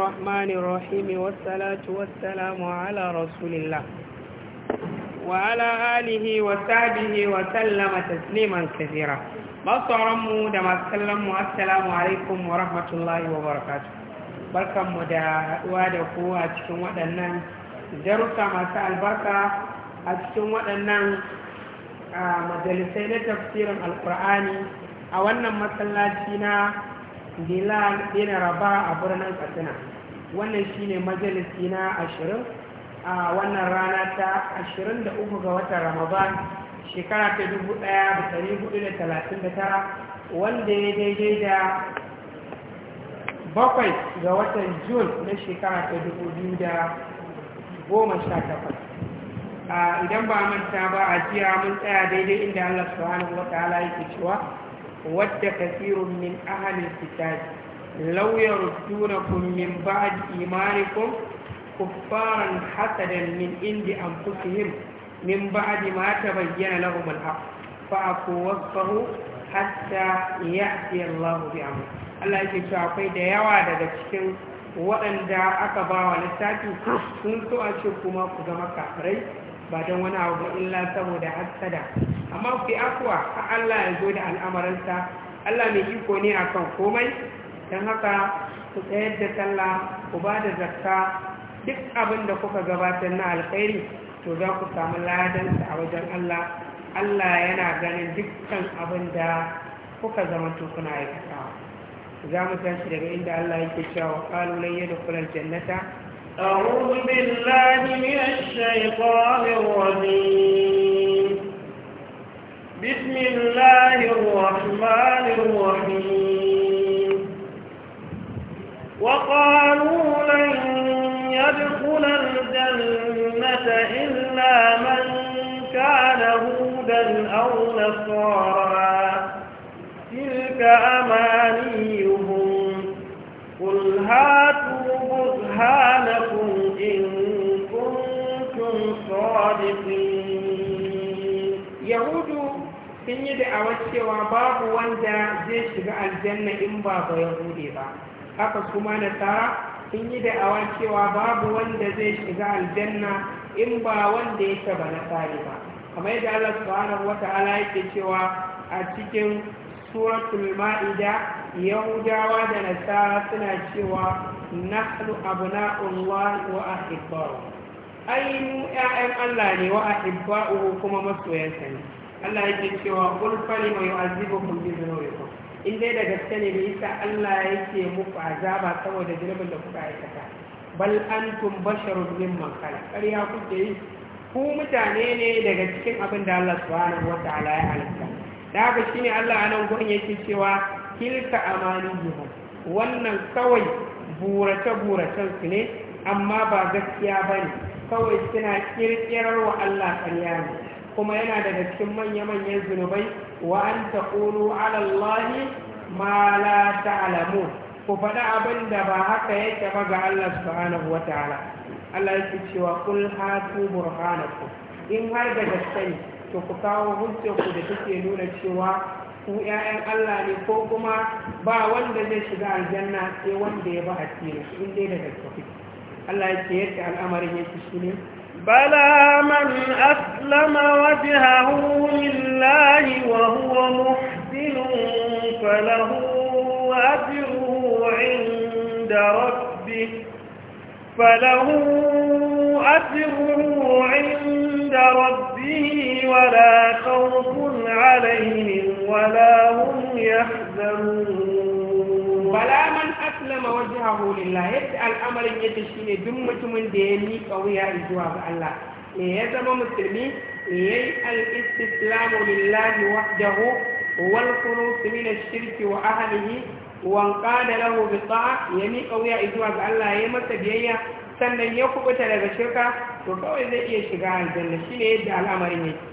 الرحمن الرحيم والصلاة والسلام على رسول الله وعلى آله وسلم تسليما كثيرا da masu kallonmu alaikum wa rahmatullahi wa barakatu barkanmu da haɗuwa da cikin waɗannan darussa masu albarka a cikin waɗannan majalisai na tafsirin alkur'ani a wannan masallaci na bilal bin raba a birnin katsina wannan shine majalisi na ashirin a wannan rana ta ashirin da uku ga watan ramadan shekara ta dubu ɗaya da ɗari hudu da talatin da tara wanda ya daidai da bakwai ga watan jun na shekara ta dubu biyu da goma sha takwas idan ba manta ba a jiya mun tsaya daidai inda allah subhanahu wa ta'ala yake cewa wadda kasirun min ahalin kitabi law yardunakum min ba'di imanikum kuffaran hasadan min indi anfusihim min ba'di ma tabayyana lahum alhaq fa aqwasahu hatta ya'ti Allah bi amri Allah yake cewa akwai da yawa daga cikin waɗanda aka ba wa littafi sun so kuma ku zama kafirai ba don wani abu ba illa saboda hasada amma fi akwa a Allah ya zo da al'amarinsa Allah mai iko ne akan komai don haka ku tsayar da sallah ku ba da zakka duk abin da kuka gabatar na alkhairi to za ku samu ladansa a wajen Allah Allah yana ganin dukkan abin da kuka zama tukuna kasawa. za mu tashi daga inda Allah yake cewa kalu lan yadkhulul jannata أعوذ بالله من الشيطان الرجيم بسم الله الرحمن الرحيم وقالوا لن يدخل الجنة إلا من كان هودا أو نصارا تلك أمانيهم قل هاتوا برهان Yahudu sun yi da'awar cewa babu wanda zai shiga aljanna in ba ba yahudi ba haka kuma nasara sun yi da'awar cewa babu wanda zai shiga aljanna in ba wanda ya yake na tsari ba kamar yadda Allah subhanahu wata'ala yake cewa a cikin suratul ma'ida yahudawa da nasara suna cewa nahnu abna'ullah wa ahibbah ai mu 'ya'yan Allah ne wa ahibba'uhu kuma masoyansa ne Allah yake cewa mai mai lima yu'azzibukum bi dhunubikum in dai da gaske ne bai sa Allah yake muku azaba saboda direban da kuka aikata bal antum basharun mimman khalaq ƙarya kuke yi ku mutane ne daga cikin abin da Allah subhanahu wataala ya halitta da haka ne Allah anan gurin yake cewa tilka amaniyuhum wannan kawai burace-buracen su ne amma ba gaskiya bane kawai suna kirkirar wa Allah ƙarya ne kuma yana daga cikin manya-manyan zunubai wa an ta ala alallahi ma la ta'lamu ku faɗa abin da ba haka yake ba ga Allah subhanahu wa ta'ala Allah yake cewa kul hatu burhanakum in har da gaske to ku kawo ku da take nuna cewa ku ‘ya'yan Allah ne ko kuma ba wanda zai shiga aljanna sai wanda ya ba a cikin in dai da gaske الله يتيك عن أمره al'amarin بلى من أسلم وجهه لله وهو محسن فله أجره عند ربه فله أجره عند ربه ولا خوف عليهم ولا هم يحزنون aslama wajhahu lillah yadda al'amarin yake shine duk mutumin da ya mika wuya zuwa ga Allah me ya zama musulmi me yayi al-istislamu lillahi wahdahu wal khulus min ash-shirki wa ahlihi wa qala lahu bi ta'a ya miƙa wuya zuwa ga Allah ya masa biyayya sannan ya kubuta daga shirka to kawai zai iya shiga aljanna shine yadda al'amarin yake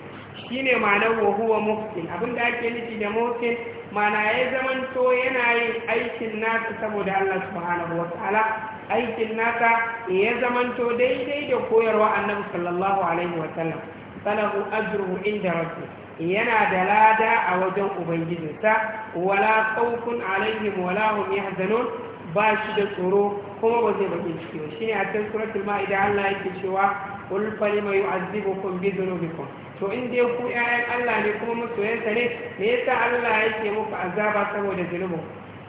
shine ma'anar wa huwa muhsin abinda ake nufi da muhsin mana ya zamanto yana yin aikin nasa saboda Allah subhanahu wa ta'ala aikin nasa ya zamanto daidai da koyarwa annabi sallallahu alaihi wa sallam falahu ajruhu inda rabbi yana da lada a wajen ubangijinsa wala khawfun alaihim wala hum yahzanun ba shi da tsoro kuma ba zai bakin ciki ba shine a cikin suratul ma'ida Allah yake cewa qul falima yu'azzibukum bi dhunubikum to in dai ku ƴaƴan Allah ne kuma masoyansa ne me yasa Allah yake muku azaba saboda zulubin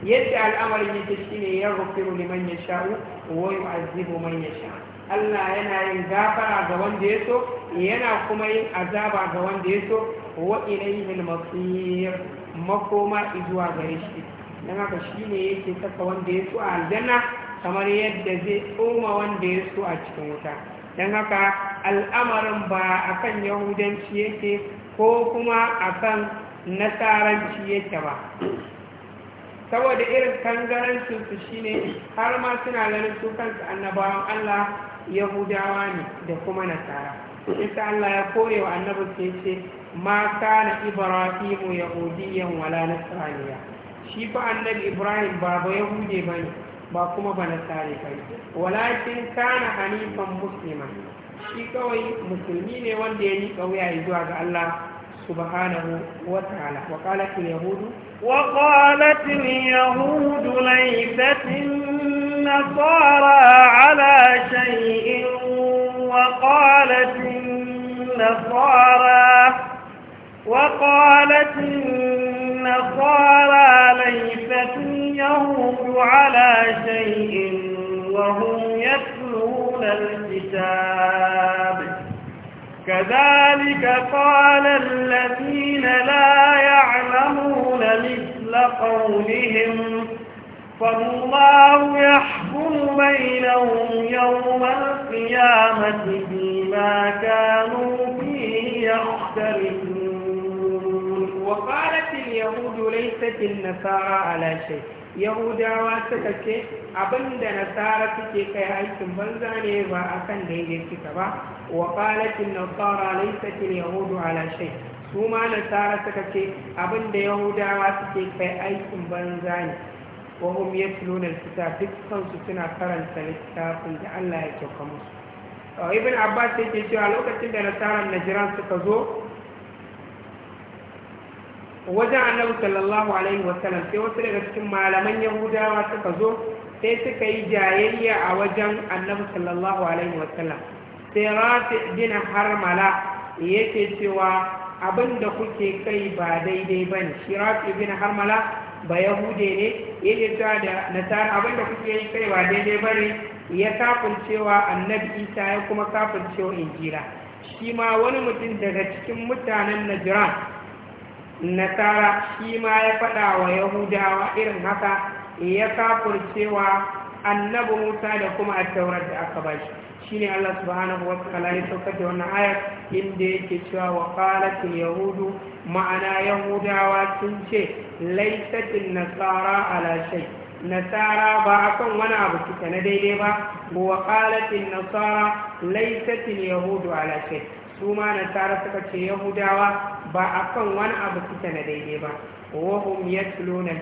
yadda al'amarin yake shine ya rufiru liman sha'u, wa yu'azzibu man sha'u. Allah yana yin gafara ga wanda ya so yana kuma yin azaba ga wanda ya so wa ilayhil masir makoma izuwa gare shi dan haka shine yake saka wanda ya so a aljanna kamar yadda zai tsoma wanda ya so a cikin wuta don haka al'amarin ba a kan yahudanci yake ko kuma a kan nasaranci yake ba saboda irin kangarancinsu shi ne har ma suna ganin su kansu annabawan allah yahudawa ne da kuma nasara isa allah ya kore wa annabi sai ce ma kana ibrahimu yahudiyan wala nasraniya shi fa annabi ibrahim ba ba yahude bane ba kuma ba na sare kai walakin kana hanifan muslima shi kawai musulmi ne wanda ya miƙa wuya zuwa ga Allah subhanahu wa ta'ala wa qalat al yahud wa qalat al yahud laysat النصارى على شيء وقالت النصارى وقالت النصارى ليست يهود على شيء وهم يتلون الكتاب كذلك قال الذين لا يعلمون مثل قولهم فالله يحكم بينهم يوم القيامة فيما كانوا فيه يختلفون وقالت اليهود ليست النفاع على شيء yahudawa suka ce abinda nasara suke kai aikin banza ne ba a kan daidai suka ba wa ƙalatin nasara laisakin yahudu ala'shai su ma nasara suka ce abinda yahudawa suke kai aikin banza ne wa hum yatluna alkitab dukkansu suna karanta littafin da Allah ya kyauka musu ibn abbas yake cewa lokacin da na jiran suka zo wajen annabi sallallahu alaihi wasallam sai wasu daga cikin malaman yahudawa suka zo sai suka yi jayayya a wajen annabi sallallahu alaihi wasallam sai rafi bin harmala yake cewa abin da kuke kai ba daidai ba ne shi rafi bin harmala ba yahude ne yake cewa da nasara abin da kuke yi kai ba daidai ba ne ya kafin cewa annabi isa ya kuma kafin cewa injira shi ma wani mutum daga cikin mutanen najiran nasara shi ma ya faɗa wa yahudawa irin haka ya kafur cewa annabi musa da kuma a taurar da aka bashi shi ne allah subhanahu wa ta'ala ya saukar wannan ayar inda yake cewa wa qalatul yahudu ma'ana yahudawa sun ce laisatin nasara ala shay nasara ba akan wani abu kika na daidai ba wa nasara laisatin yahudu ala shay su ma tara suka ce yahudawa ba a kan wani abu suke na daidai ba wahum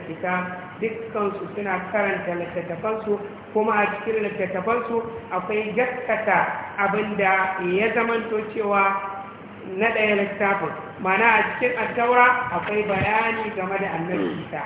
kita dukkan su suna karanta littattafansu kuma a cikin littattafansu akwai gaskata abinda ya zamanto cewa na ɗaya littafin mana a cikin attaura akwai bayani game da annabi isa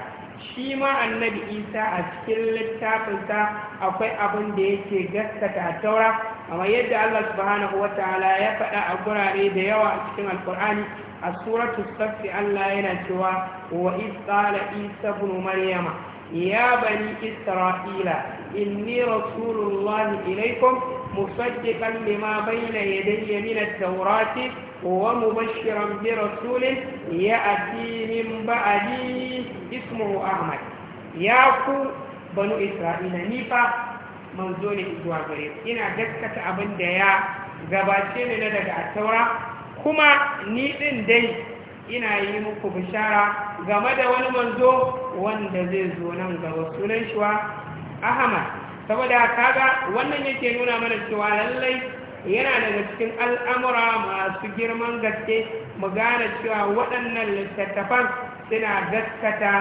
shi ma annabi isa a cikin littafinsa akwai abin da yake gaskata a taura amma yadda allah subhanahu wa ta'ala ya faɗa a gurare da yawa a cikin alkur'ani a suratu safi allah yana cewa wa isqala isa ibn maryama ya bani isra'ila inni rasulullahi ilaikum musaddiqan lima bayna yadayya min at-taurati wa mubashshiran bi rasulin ya'ti min ba'di ismuhu ahmad ya ku banu isra'ila ni fa manzo ne zuwa gare ina dakkata abin da ya gabace ne daga at kuma ni ɗin dai ina yi muku bishara game da wani manzo wanda zai zo nan ga rasulun shi ahmad saboda kaga wannan yake nuna mana cewa lallai yana daga cikin al'amura masu girman gaske mu gane cewa waɗannan littattafan suna gaskata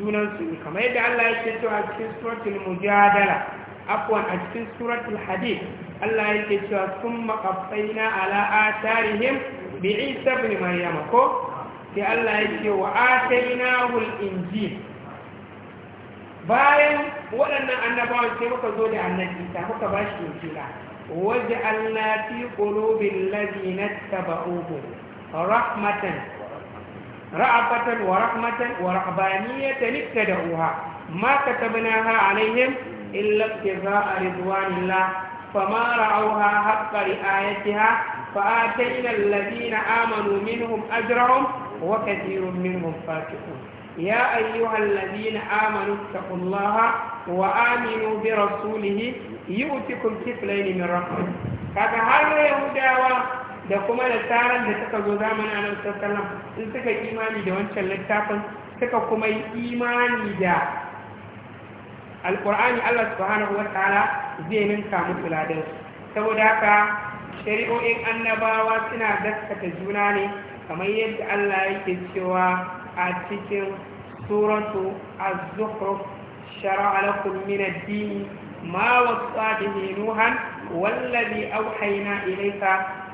junansu ne kamar yadda Allah ya ce cewa cikin suratul mujadala afwan a cikin suratul hadid Allah yake cewa sun maƙafaina ala atarihim bi isa ibn maryam ko sai Allah ce wa atainahu al-injil bayan waɗannan annabawan sai muka zo da annabi ta muka ba shi injila waje Allah fi qulubil ladina tabauhu rahmatan ra'abatan wa rahmatan wa da ittada'uha ma ka katabnaha alaihim illa ibtigha'a ha? fama a haqqa ri'ayatiha فآتينا الذين آمنوا منهم أجرهم وكثير منهم فاتحون يا أيها الذين آمنوا اتقوا الله وآمنوا برسوله يؤتكم كفلين من رحمته kaga har yahudawa da kuma da nasaran da suka zo zamanin annabi sallallahu alaihi in suka imani da wancan littafin suka kuma yi imani da alqur'ani Allah subhanahu wataala zai ninka musu ladan saboda haka shari'o'in annabawa suna gaskata juna ne kamar yadda Allah yake cewa a cikin سورة الزخرف شرع لكم من الدين ما وصى به نوحا والذي أوحينا إليك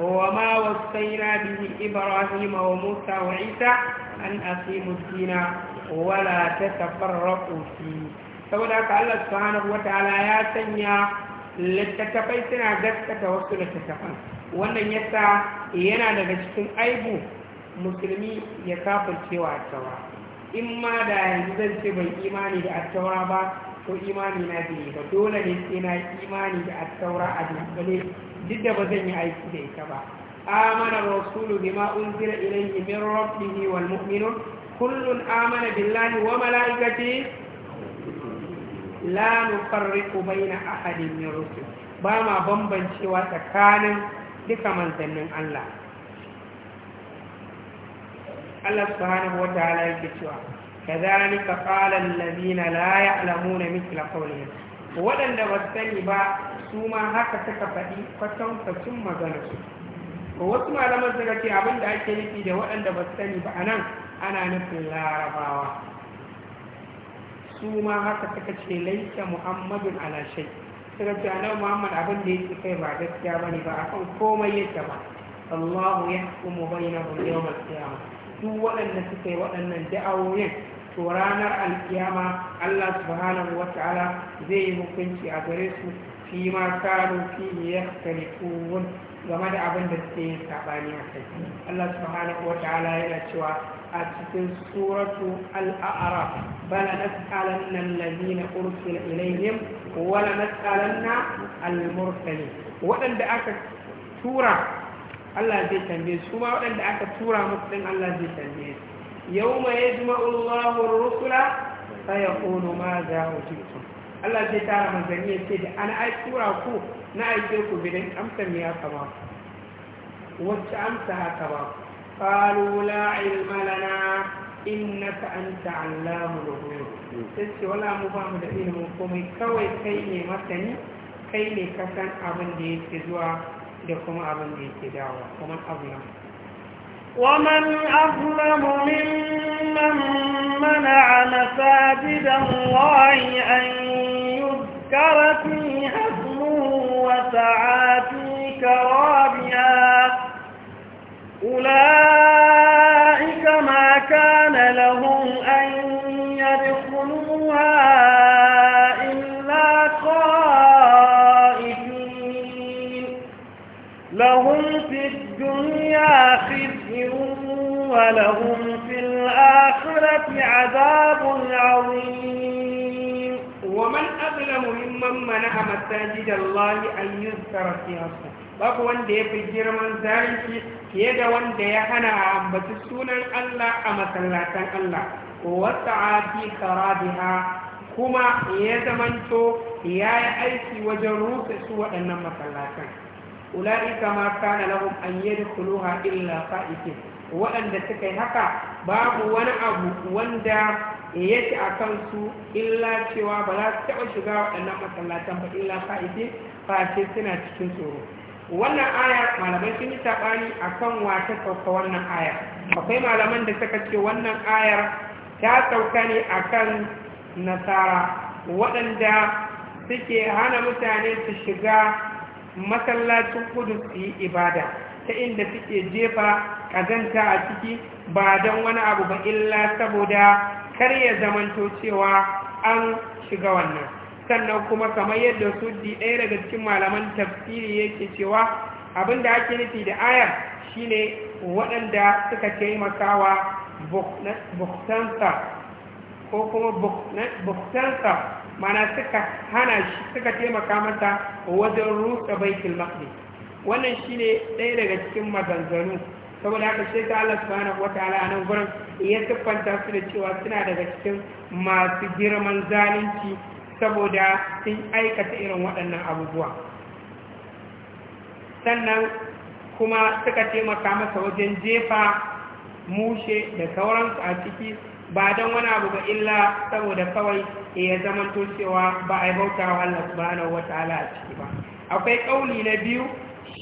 وما وصينا به إبراهيم وموسى وعيسى أن أقيموا الدين ولا تتفرقوا فيه saboda haka Allah subhanahu wataala ya sanya littattafai suna gaskata wasu littattafan wannan yasa yana daga cikin aibu musulmi ya kafircewa cewa in ma da yanzu zan ce bai imani da attaura ba to imani na bai ba dole ne sai na imani da attaura a dunkule duk da ba zan yi aiki da ita ba amana rasulu bima unzila ilayhi min rabbihi wal mu'minun kullun amana billahi wa malaikatihi la nufarriqu baina ahadin min rusul ba ma bambancewa tsakanin duka manzannin Allah Allah subhanahu wa ta'ala yake cewa kadhalika qala allazina la ya'lamuna mithla qawlihim waɗanda ba sani ba su ma haka suka faɗi kwatan kwacin magana su wasu malaman suka ce abin da ake nufi da waɗanda ba sani ba anan ana nufin larabawa su ma haka suka ce laisa muhammadun ala shai suka ce anan muhammad abin da yake kai ba gaskiya bane ba akan komai yake ba Allahu yahkumu bainahum yawm al-qiyamah duk waɗanda suka yi waɗannan da'awoyin to ranar alkiyama Allah subhanahu wata'ala zai yi hukunci a gare su fi ma kanu fi yaktarifun game da abin da suke yin sabani a kai Allah subhanahu wata'ala yana cewa a cikin suratu al'ara araf bala nas'alanna allazina ursila ilayhim wala na al murtali waɗanda aka tura Allah zai tambaye su Kuma waɗanda aka tura musu ɗin Allah zai tambaye su yau ma ya jima Allahu rusula ta ya ƙono ma za a jikin Allah zai tara manzanni ya ce da an ai tura ku na aike ku bidan amsar me ya kama wacce amsa haka ba قالوا لا علم لنا إنك أنت da الغيوب sai wala mu ba mu da ilimin komai kawai kai ne masani kai ne kasan abin da yake zuwa لكم أبن إيتداء ومن أظلم ومن أظلم ممن منع مساجد الله أن يذكر فيها اسمه وسعى في كرابها أولئك ما كان لهم أن يدخلوها لهم في الدنيا خزي ولهم في الآخرة عذاب عظيم ومن أظلم ممن منع مساجد الله أن يذكر في babu wanda ya fi girman zalunci fiye da wanda ya hana a ambaci sunan Allah a masallatan Allah wata abi karabiha kuma ya zamanto ya yi aiki wajen rufe su waɗannan masallatan ula'ika ma kana lahum an yadkhuluha illa qa'itin waɗanda suka yi haka babu wani abu wanda ya ci a kansu illa cewa ba za su taɓa shiga waɗannan masallatan ba illa fa'ifi fashe suna cikin tsoro wannan aya malamai sun yi saɓani a kan wata sauka wannan aya akwai malaman da suka ce wannan ayar ta sauka ne akan nasara waɗanda suke hana mutane su shiga masallacin kudus su yi ibada ta inda suke jefa kazanta a ciki ba don wani abu ba illa saboda kar ya zamanto cewa an shiga wannan sannan kuma kamar yadda su di ɗaya daga cikin malaman tafsiri yake cewa abin da ake nufi da ayar shine waɗanda suka taimakawa buktansa ko kuma buktansa mana suka hana shi suka taimaka masa wajen rusa baitul maqdis wannan shine ɗaya daga cikin maganganu saboda haka sai ta Allah subhanahu wataala a nan gurin ya siffanta su da cewa suna daga cikin masu girman zalunci saboda sun aikata irin waɗannan abubuwa sannan kuma suka taimaka masa wajen jefa mushe da sauransu a ciki ba don wani abu ba illa saboda kawai ya zama cewa ba a bauta wa Allah subhanahu ta'ala a ciki ba akwai kauli na biyu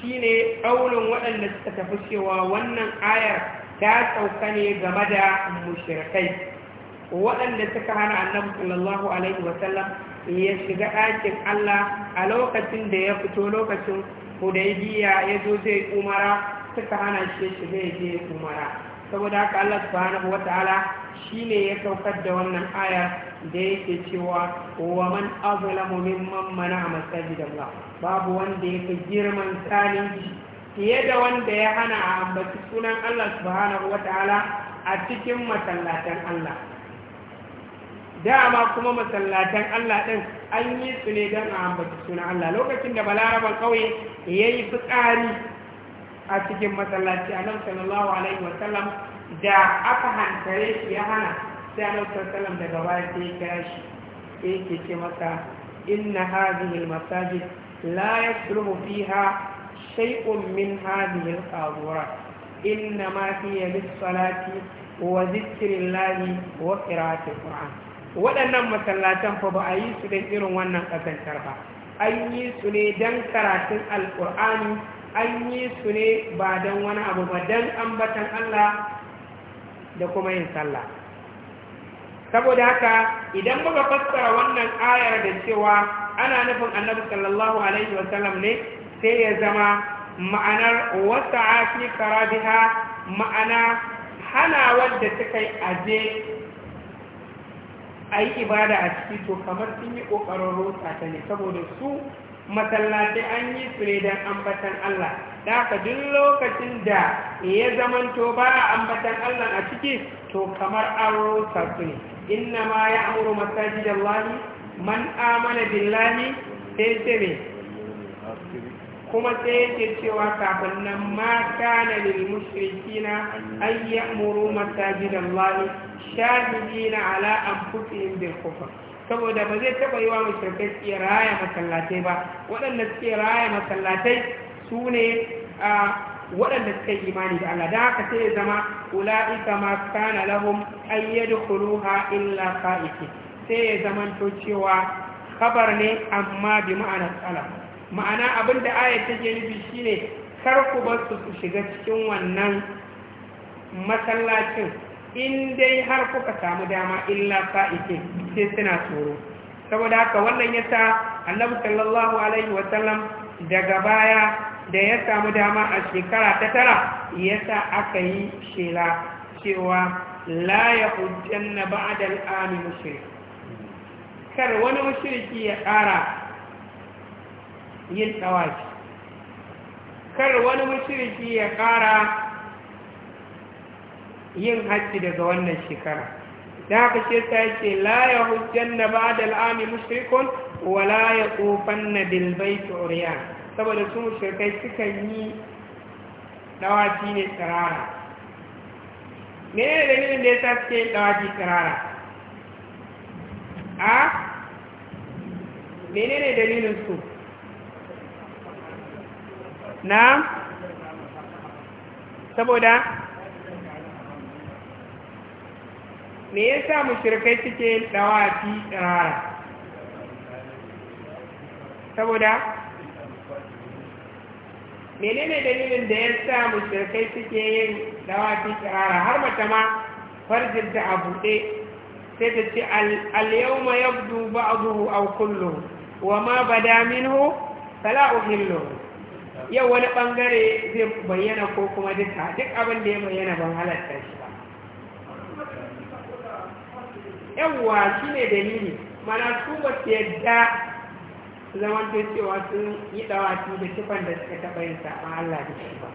shine kaulin waɗanda suka tafi cewa wannan ayar ta sauka ne game da mushrikai waɗanda suka hana annabi sallallahu alaihi wasallam ya shiga ɗakin Allah a lokacin da ya fito lokacin hudaybiya ya zo zai umara suka hana shi shiga ya je umara saboda haka Allah subhanahu shi ne ya saukar da wannan aya da yake cewa wa man azlamu mimman mana masajid Allah babu wanda ya fi girman zalunci fiye da wanda ya hana a ambaci sunan Allah subhanahu ta'ala a cikin masallatan Allah dama kuma masallatan Allah din an yi su ne don a ambaci sunan Allah lokacin da balaraban ƙauye ya yi fitsari a cikin masallaci annabi sallallahu alaihi wa sallam da aka hankare shi ya hana sai annabi sallallahu daga baya sai ya kira shi sai yake ce masa inna hadhihi almasajid la yasluhu fiha shay'un min hadhihi alqaburat inna ma hiya lis-salati wa dhikrillahi wa qira'ati alquran waɗannan masallatan fa ba a yi su don irin wannan ƙazantar ba an yi su ne don karatun alƙur'ani an yi su ne ba don wani abu ba don ambatan Allah da kuma yin sallah saboda haka idan muka fassara wannan ayar da cewa ana nufin annabi sallallahu alaihi wasallam ne sai ya zama ma'anar wata afi karabiha ma'ana hana wadda suka yi aje a yi ibada a ciki to kamar sun yi ƙoƙarin rotsa ta ne saboda su Masallaci an yi su ne don ambatan Allah da haka duk lokacin da ya to ba a ambatan Allah a ciki to kamar an rusa su ne inna ma ya amuru da Allah man amana billahi sai ce ne kuma sai yake cewa kafin nan ma kana lil mushrikina amuru masaji da Allah shahidina ala an anfusihim bil kufr saboda ba zai taɓa yi wa mashirkai suke raya masallatai ba waɗanda suke raya masallatai su ne a waɗanda suka yi imani da Allah da haka sai ya zama ula'ika ma kana lahum ayyadu khuluha illa qa'iki sai ya zama to cewa khabar ne amma bi ma'ana tsala ma'ana abinda ayat take nufi shine kar ku bar su shiga cikin wannan masallacin in dai har kuka samu dama illa fa’ike sai suna tsoro saboda haka wannan ya sa annabi sallallahu alaihi wasallam daga baya da ya samu dama a shekara ta tara ya sa aka yi shela cewa la ya hujjan na ba'adar ami mushrik kar wani mushriki ya ƙara yin tsawaki kar wani mushriki ya ƙara yin hajji daga wannan shekara da haka shi ta ce la ya hujjan na ba da al'ami mushrikun wa la ya tsofan na bilbai turiya saboda su mushrikai suka yi ɗawaci ne tsirara me ne dalilin da ya sake suke tsirara a mene ne dalilin su na saboda me yasa mushrikai suke dawati tsirara saboda menene dalilin da yasa mushrikai suke yin dawati tsirara har mata ma farjin da a buɗe sai ta ce al-yawma yabdu ba'duhu aw kullu wa ma bada minhu fala uhilluhu yau wani ɓangare zai bayyana ko kuma duka duk abin da ya bayyana ban halatta shi ba yawwa shi ne dalili mana su ba su yadda zaman ta cewa sun yi dawaki da tufan da suka taɓa yin saɓa Allah da shi ba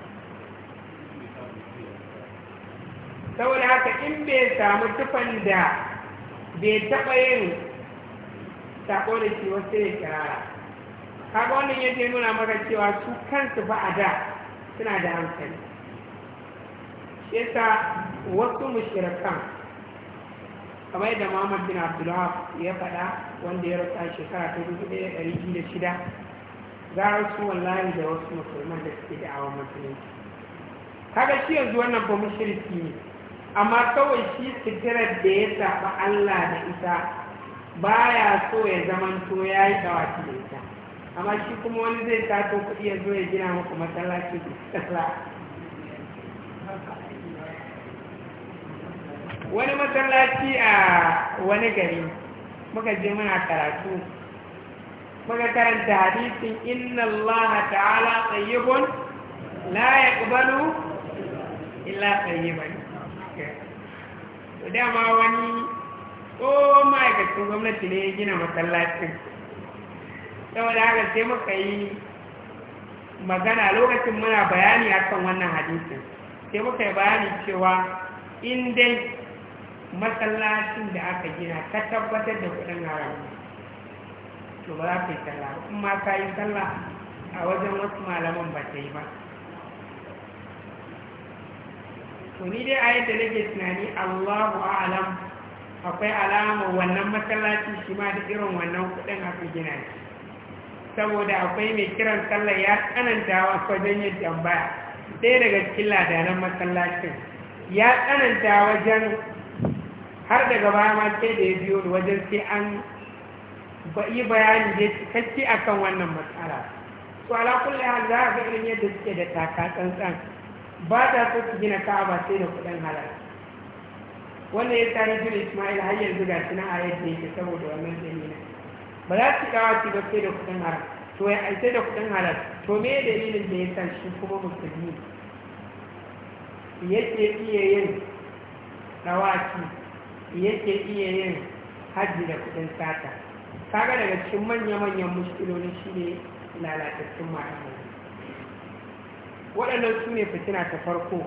saboda haka in bai samu tufan da bai taɓa yin saɓo da shi wasu ya kirara kaga wannan yake nuna maka cewa su kansu ba a da suna da hankali shi yasa wasu mushrikan kamar yadda muhammad bin abdullahab ya faɗa wanda ya rasa shekara ta dubu ɗaya ɗari biyu da shida gara su wallahi da wasu musulman da suke da'awar musulunci kaga shi yanzu wannan ba mushriki ne amma kawai shi sitirar da ya saba Allah da ita baya so ya zamanto ya yi dawaki da ita amma shi kuma wani zai tato kuɗi ya zo ya gina muku masallaci da sallah wani masallaci a wani gari muka je muna karatu muka karanta hadisin inna Allah ta'ala tsayyibun la yaqbalu illa tsayyiban dama wani tsohon ma'aikacin gwamnati ne ya gina masallacin saboda haka sai muka yi magana lokacin muna bayani akan wannan hadisin sai muka yi bayani cewa in dai masallacin da aka gina ka tabbatar da kudin haram to ba za ka yi sallah in ma ka yi sallah a wajen wasu malaman ba ta yi ba to ni dai a yadda nake tunani allahu a'alam akwai alama wannan masallacin shi ma da irin wannan kudin aka gina shi saboda akwai mai kiran sallah ya tsananta wa wajen yin tambaya ɗaya daga cikin ladanan masallacin ya tsananta wajen har daga baya ma sai da ya biyo da wajen sai an yi bayani da cikakke kan wannan matsala to ala kulli za za ga irin yadda suke da taka tsantsan ba ta so su gina ba sai da kuɗin halal Wanda ya tare da Ismail har yanzu ga shi na ayat da yake saboda wannan dalilin ba za su kawo su ga sai da kuɗin halal to ya sai da kuɗin halal to me dalilin da ya sa shi kuma musulmi yake iya yin dawaki yake iya yin hajji da kudin sata kaga daga cikin manya-manyan mushkiloli ne lalatattun ma'amala waɗannan su ne fitina ta farko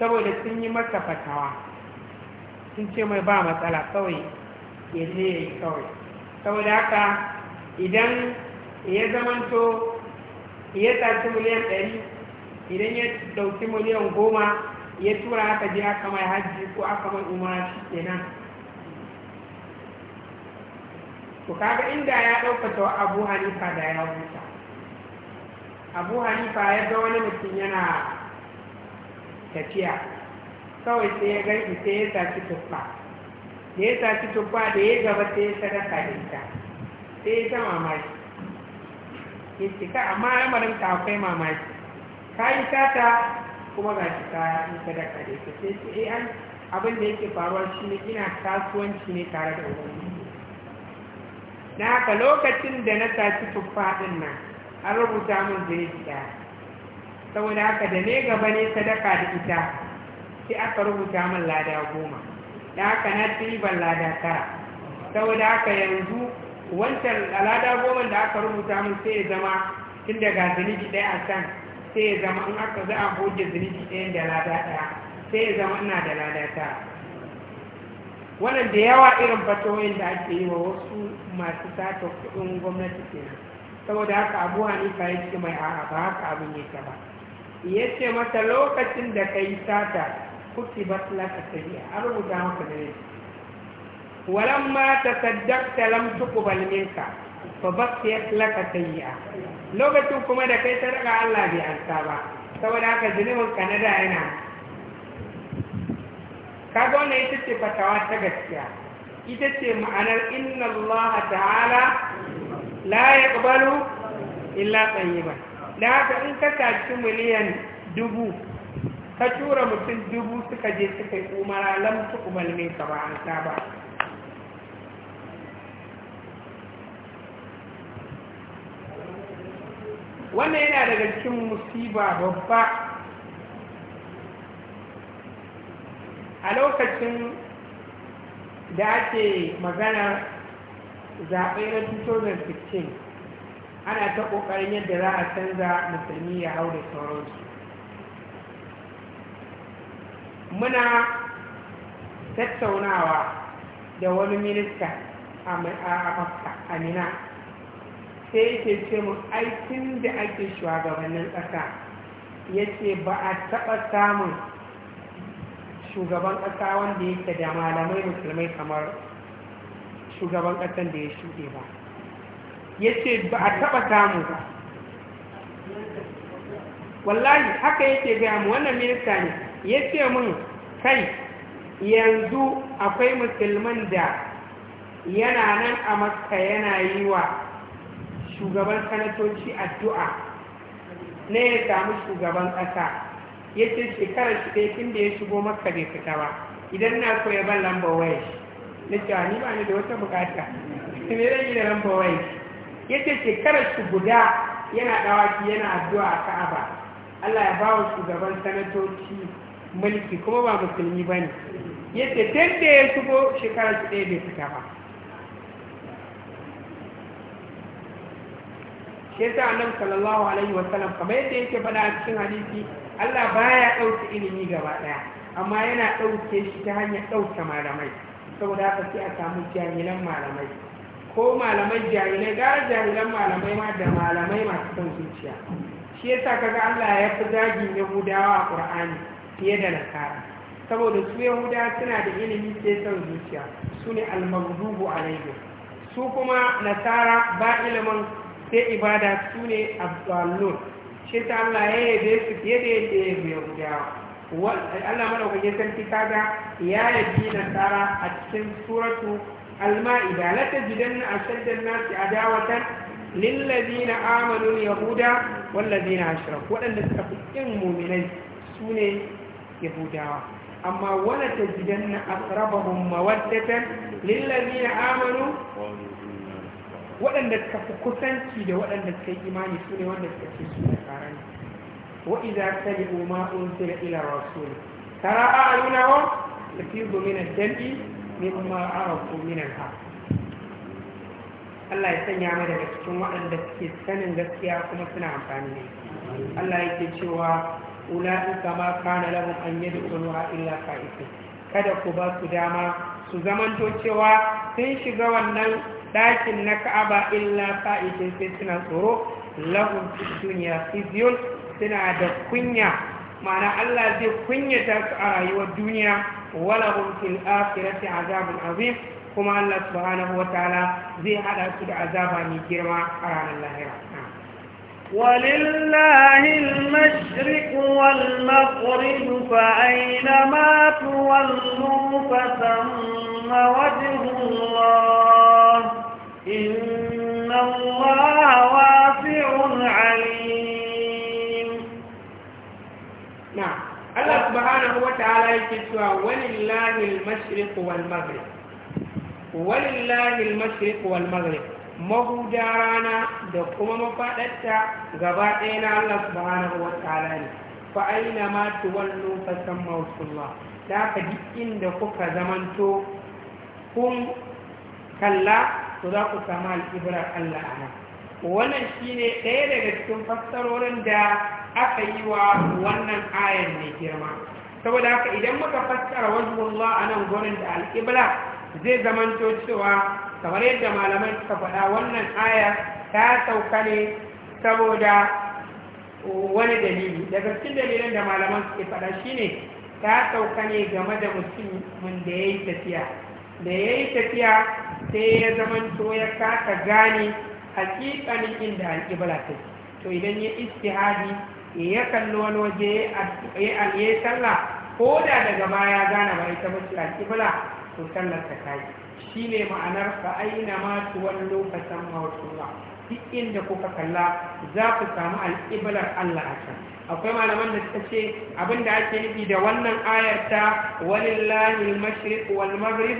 saboda sun yi masa fatawa sun ce mai ba matsala kawai ya je ya yi kawai saboda haka idan ya zamanto ya tafi miliyan ɗari idan ya ɗauki miliyan goma ya tura aka je aka mai hajji ko aka mai umara shi kenan to kaga inda ya ɗaukata wa abu hanifa da ya huta abu hanifa ya ga wani mutum yana tafiya kawai sai ya gani sai ya tafi tuffa da ya tafi tuffa da ya gaba sai ya sadaka da ita sai ya ta mamaki ya cika amma lamarin ta akwai mamaki ka yi sata kuma ga shi ka yi sadaka da ita sai sai eh, an abin da yake faruwa shi ne ina kasuwanci ne tare da ubangiji na haka lokacin da na saci tuffa nan an rubuta mun zunubi ɗaya saboda haka da ne gaba ne sadaka da ita sai aka rubuta min lada goma da haka na ci ban lada tara saboda haka yanzu wancan lada goma da aka rubuta min sai ya zama tun daga zunubi ɗaya a can sai ya zama in aka za a goge zunubi ɗaya da lada ɗaya sai ya zama ina da lada tara wannan da yawa irin fatoyin da ake yi wa wasu masu sata kudin gwamnati nan, saboda haka abu hanifa ya ce mai a'a ba haka abin ta ba ya ce mata lokacin da ka yi sata kuki ba su laka sabiya a rubuta maka da ne walan ma ta saddakta lam tuqbal ba fa bakiyat laka sayyi'a lokacin kuma da kai ta sadaka Allah bai ansa ba saboda haka zinimin kanada na da yana kaga wannan ita ce fatawa ta gaskiya ita ce ma'anar inna Allah ta'ala la yaqbalu illa tayyiba da haka in ka tashi miliyan dubu ka tura mutum dubu suka je suka yi umara lam tuqbal minka ba an saba wannan yana daga cikin musiba babba a lokacin da ake magana zaɓe na 2016 ana ta ƙoƙarin yadda za a canza musulmi ya hau da sauransu muna tattaunawa da wani minista a makka amina sai yake ce mu aikin da ake shugabannin ƙasa ya ce ba a taɓa samun shugaban ƙasa wanda yake da malamai musulmai kamar shugaban ƙasa da ya shuɗe ba ya ce ba a taɓa samu ba wallahi haka yake gaya mu wannan minista ne ya ce mun kai yanzu akwai musulman da yana nan a makka yana yi wa shugaban sanatoci addu'a na ya samu shugaban ƙasa ya ce shekarar shi ɗaya tun da ya shigo maka bai fita ba idan na so ya ban lambar waya shi na cewa ni ba ni da wata bukata me zan yi da lambar waya shi ya ce shekarar shi guda yana dawaki yana addu'a a ka'aba Allah ya ba wa shugaban sanatoci mulki kuma ba musulmi ba ne ya ce tun da ya shigo shekarar shi ɗaya bai fita ba shi yasa annabi sallallahu alaihi wasallam kamar yadda yake faɗa a cikin hadisi Allah baya ɗauke ilimi gaba ɗaya amma yana ɗauke shi ta hanyar ɗauke malamai saboda haka sai a samu jahilan malamai ko malamai jahilai gara jahilan malamai ma da malamai masu son zuciya shi yasa kaga Allah ya fi zagin Yahudawa a Qur'ani fiye da nasara saboda su Yahudawa suna da ilimi sai son zuciya su ne al a alaihim su kuma nasara ba ilimin sai ibada su ne abdallun shi ta Allah ya yabe su fiye da yadda ya yabe Yahudawa Allah madaukakin sarki kaga ya yabi tsara a cikin suratu al-ma'ida la tajidanna ashadda an-nasi adawatan lillazina amanu yahuda wallazina ashraku wadanda suka fi kin mu'minai sune yahudawa amma wala tajidanna aqrabahum mawaddatan lillazina amanu waɗanda suka fi kusanci da waɗanda suka yi imani su ne wanda suka ce su da ne wa idza sami'u ma unzila ila ne tara da fi domina jam'i, ne kuma a min al ha Allah ya sanya mai daga cikin waɗanda suke sanin gaskiya kuma suna amfani ne Allah ya yake cewa ula'ika kama kana lahum an yadkhuluha illa qa'ifin kada ku ba su dama su zamanto cewa sun shiga wannan ɗakin na ka'aba illa fa'isin sai suna tsoro lahun duniya fiziyon suna da kunya mana Allah zai kunyata su a rayuwar duniya wala fil akhirati azabun azim kuma Allah subhanahu wataala zai hada su da azaba mai girma a ranar lahira ولله المشرق والمغرب فأينما تولوا فثم وجه الله إن الله واسع عليم نعم الله سبحانه وتعالى يكتوى ولله المشرق والمغرب ولله المشرق والمغرب mahuda rana da kuma mafaɗarta gaba ɗaya na Allah subhanahu wa ta'ala ne fa aina ma tuwallu fa samma usullah da haka duk inda kuka zamanto kun kalla to za ku samu alƙibrar Allah a nan wannan shine ɗaya daga cikin fassarorin da aka yi wa wannan ayar mai girma saboda haka idan muka fassara wajhullah a nan gurin da al'ibra zai zamanto cewa kamar yadda malamai suka faɗa wannan aya ta sauka ne saboda wani dalili daga cikin dalilan da malaman suke faɗa shine ta sauka ne game da mutumin da ya yi tafiya da ya yi tafiya sai ya zamanto ya kaka gane hakikanin inda alƙibla ta to idan ya haji ya kallo wani waje ya yi sallah ko da daga baya gane ba ita ba alƙibla to sallar ta kai shi ne ma'anar fa aina ma wani lokacin samma duk inda kuka kalla za ku samu alƙiblar Allah a can akwai malaman da suka ce abinda ake nufi da wannan ayar ta walillahi al-mashriq wal maghrib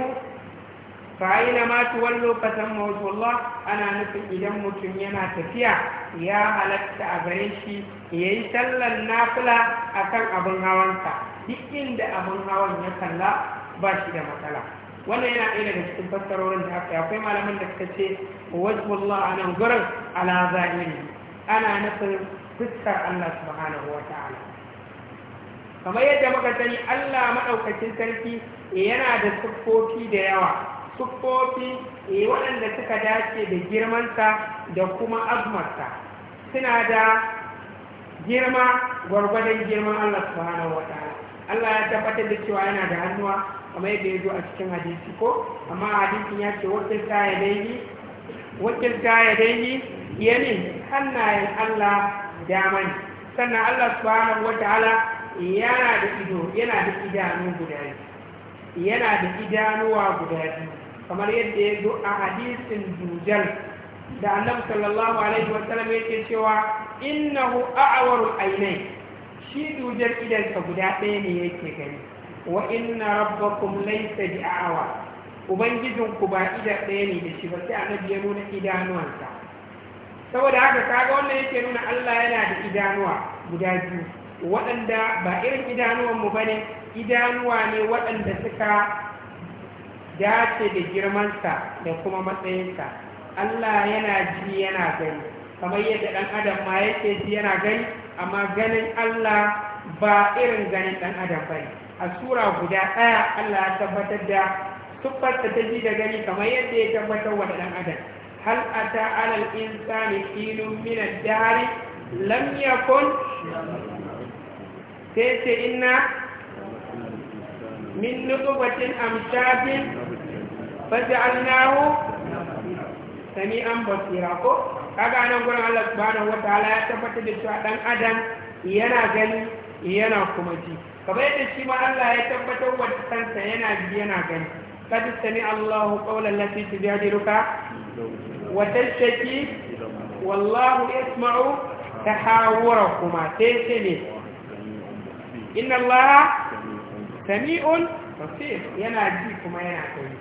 fa aina ma tuwallu fa ana nufin idan mutum yana tafiya ya halatta a gare shi yayi sallar nafila akan abin hawansa duk inda abin hawan ya kalla ba shi da matsala wannan yana ɗaya daga cikin fassarorin da aka akwai malaman da suka ce wajhullah anan gurin ala zahiri ana nufin fuskar Allah subhanahu wa ta'ala kamar yadda muka sani Allah maɗaukacin sarki eh, yana da siffofi da yawa siffofi eh, waɗanda suka dace da girmansa da kuma azumarsa suna da girma gwargwadon girman Allah subhanahu wa ta'ala Allah ya tabbatar da cewa yana da hannuwa kamar yadda ya zo a cikin hadisi ko amma hadisin ya ce wakilta ya wakilta ya daini yamin hannayen Allah dama ne sannan Allah subhanahu wata yana da ido yana da idanu guda biyu yana da idanuwa guda biyu kamar yadda ya zo a hadisin dujal da annabi sallallahu alaihi wasallam yake cewa innahu a'waru aynai shi dujar ka guda ɗaya ne yake gani wa inna rabbakum laysa bi'awa ubangijinku ba idan ɗaya ne da shi ba sai annabi ya nuna idanuwansa saboda haka kaga wannan yake nuna Allah yana da idanuwa guda biyu waɗanda ba irin idanuwan mu bane idanuwa ne waɗanda suka dace da girmansa da kuma matsayinsa Allah yana ji yana gani kamar yadda ɗan adam ma yake ji yana gani amma ganin Allah ba irin ganin ɗan adam bane a sura guda ɗaya Allah ya tabbatar da tuffarsa ta ji da gani kamar yadda ya tabbatar wa ɗan adam هل أتى على الإنسان حين من الدهر لم يكن سيتي إن من نطفة أمشاج فجعلناه سميعا بصيرا kaga anan gurin Allah subhanahu wataala ya tabbatar da cewa dan adam yana gani yana kuma ji kamar yadda shi ma Allah ya tabbatar wa kansa yana ji yana gani kad sami Allahu qawlan lati tujadiluka وتشتكي والله يسمع تحاوركما تيتني إن الله سميع بصير ينا جيكما ينا كوي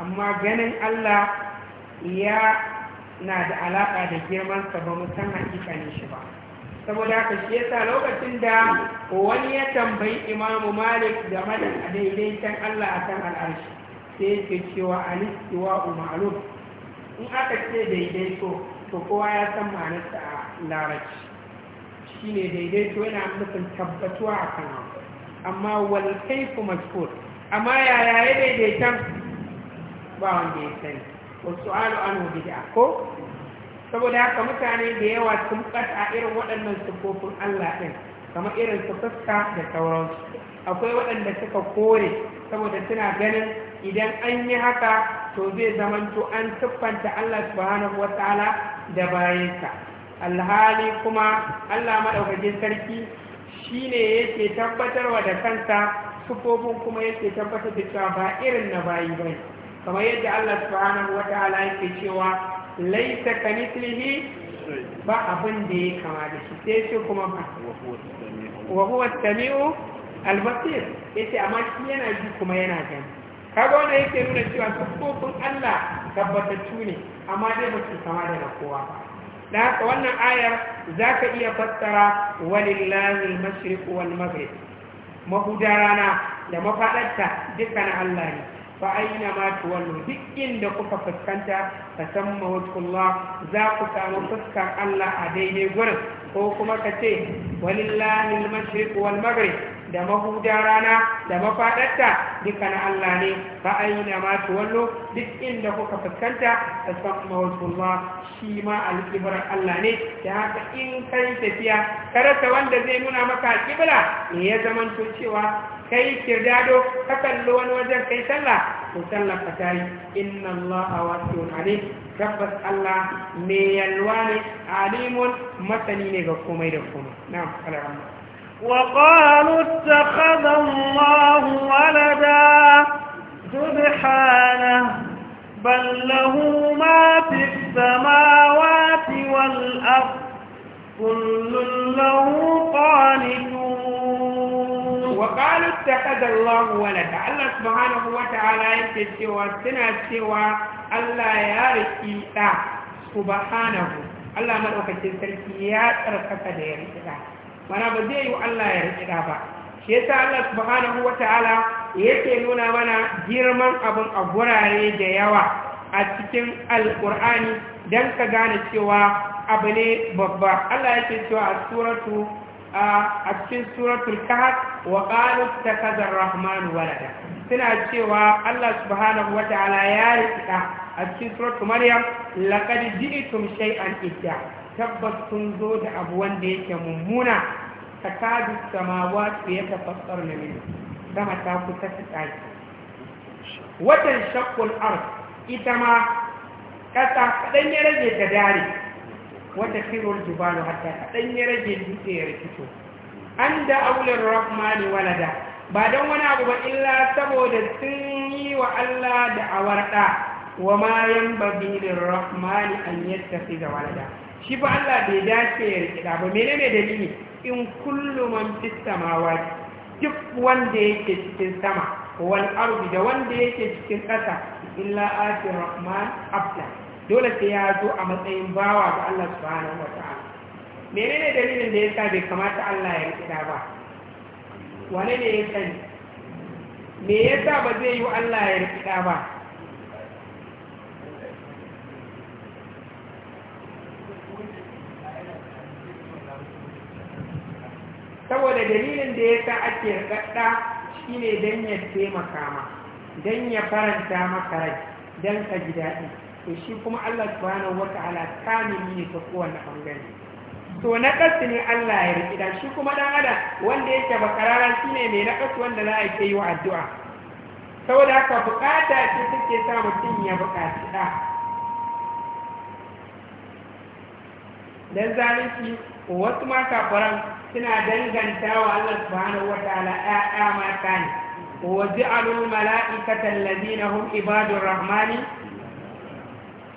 أما جنن الله يا ناد علاقة da girmansa ba mu san hakikanin shi ba saboda haka shi yasa lokacin da wani ya tambayi imamu malik game da daidaitan Allah akan al'arshi sai yake cewa in aka ce daidaito to kowa ya san ma'anarsa a larabci shi ne daidaito yana nufin tabbatuwa a kan amma walkai kaifu majhul amma yaya ya daidaita ba wanda ya sani wasu alu an da ko saboda haka mutane da yawa sun a irin waɗannan sufofin Allah ɗin kama irin su fuska da sauransu akwai waɗanda suka kore saboda suna ganin idan an yi haka to zai zamanto an siffanta Allah subhanahu wata'ala da bayansa alhali kuma Allah maɗaukakin sarki shine yake tabbatarwa da kansa sufofin kuma yake tabbatar da cewa ba irin na bayi bane kamar yadda Allah subhanahu wata'ala yake cewa laisa kamithlihi ba abin da ya kama da shi sai shi kuma ba wa huwa as-sami'u al-basir yace amma shi yana ji kuma yana gani kaga wanda yake nuna cewa sufofin Allah tabbatattu ne amma dai ba su kama da kowa da haka wannan ayar za ka iya fassara walillahi al-mashriq wal maghrib Mahudarana da mafadarta dukkan Allah ne fa aina ma tuwallu duk inda kuka fuskanta fa samma wajhullah za ku samu fuskar Allah a daidai gurin ko kuma ka ce walillahi al-mashriq wal maghrib da mahuda rana da mafaɗarta duka na Allah ne fa na ma wallo duk inda kuka fuskanta ta san mawatullah shi ma alƙibar Allah ne da haka in kai tafiya karasa wanda zai nuna maka alƙibla ne ya zamanto cewa kai kirdado ka kalli wani wajen kai sallah to sallah ka tayi inna Allah wasu alim tabbas Allah me yalwa ne alimun masani ne ga komai da komai na'am alhamdulillah وقالوا اتخذ الله ولدا سبحانه بل له ما في السماوات والأرض كل له قانتون وقالوا اتخذ الله ولدا الله سبحانه وتعالى انت سوى سنة سوى الله ياركي سبحانه الله ملوكة السلسيات رسكة ياركي mana ba zai yi Allah ya rike da ba shi yasa Allah subhanahu wata'ala yake nuna mana girman abun a da yawa a cikin alƙur'ani dan ka gane cewa abu ne babba Allah yake cewa a suratu a cikin suratul kahf wa qalu takadar rahman walada suna cewa Allah subhanahu wataala ya rika a cikin suratul maryam laqad ji'tum shay'an idda tabbas sun zo da abu wanda yake mummuna takadu samawati da ya tafassar na min sama ta kusa ta tsaki watan shakkul ard ita ma kasa kadan ya rage ta dare wata kirul jubalu hatta kadan ya rage dutse ya rikito an da aular rahmani walada ba don wani abu ba illa saboda sun yi wa Allah da awarda wa ma yan babi rahmani an yadda fi da walada shi ba Allah bai dace ya rikida ba menene dalili in kullu man fis samawati duk wanda yake cikin sama wal ardi da wanda yake cikin ƙasa illa ati rahman abda dole sai ya zo a matsayin bawa ga Allah subhanahu wata'ala menene dalilin da yasa bai kamata Allah ya rikida ba wane ne ya sani me yasa ba zai yi Allah ya rikida ba saboda dalilin da ya sa ake gaɗa shi ne don ya taimaka ma don ya faranta maka rai don ka ji daɗi to shi kuma Allah subhanahu wa ta'ala kamili ne ta kowane ɓangare to na ƙasa ne Allah ya rikida shi kuma ɗan adam wanda yake bakarara shi ne mai na ƙasa wanda za a ke yi wa addu'a saboda haka buƙata ce take sa mutum ya buƙaci ɗa dan zalunci wasu ma kafaran suna dangantawa Allah subhanahu wa ta'ala ƴaƴa mata ne wa ja'alul mala'ikata allazina hum ibadur rahmani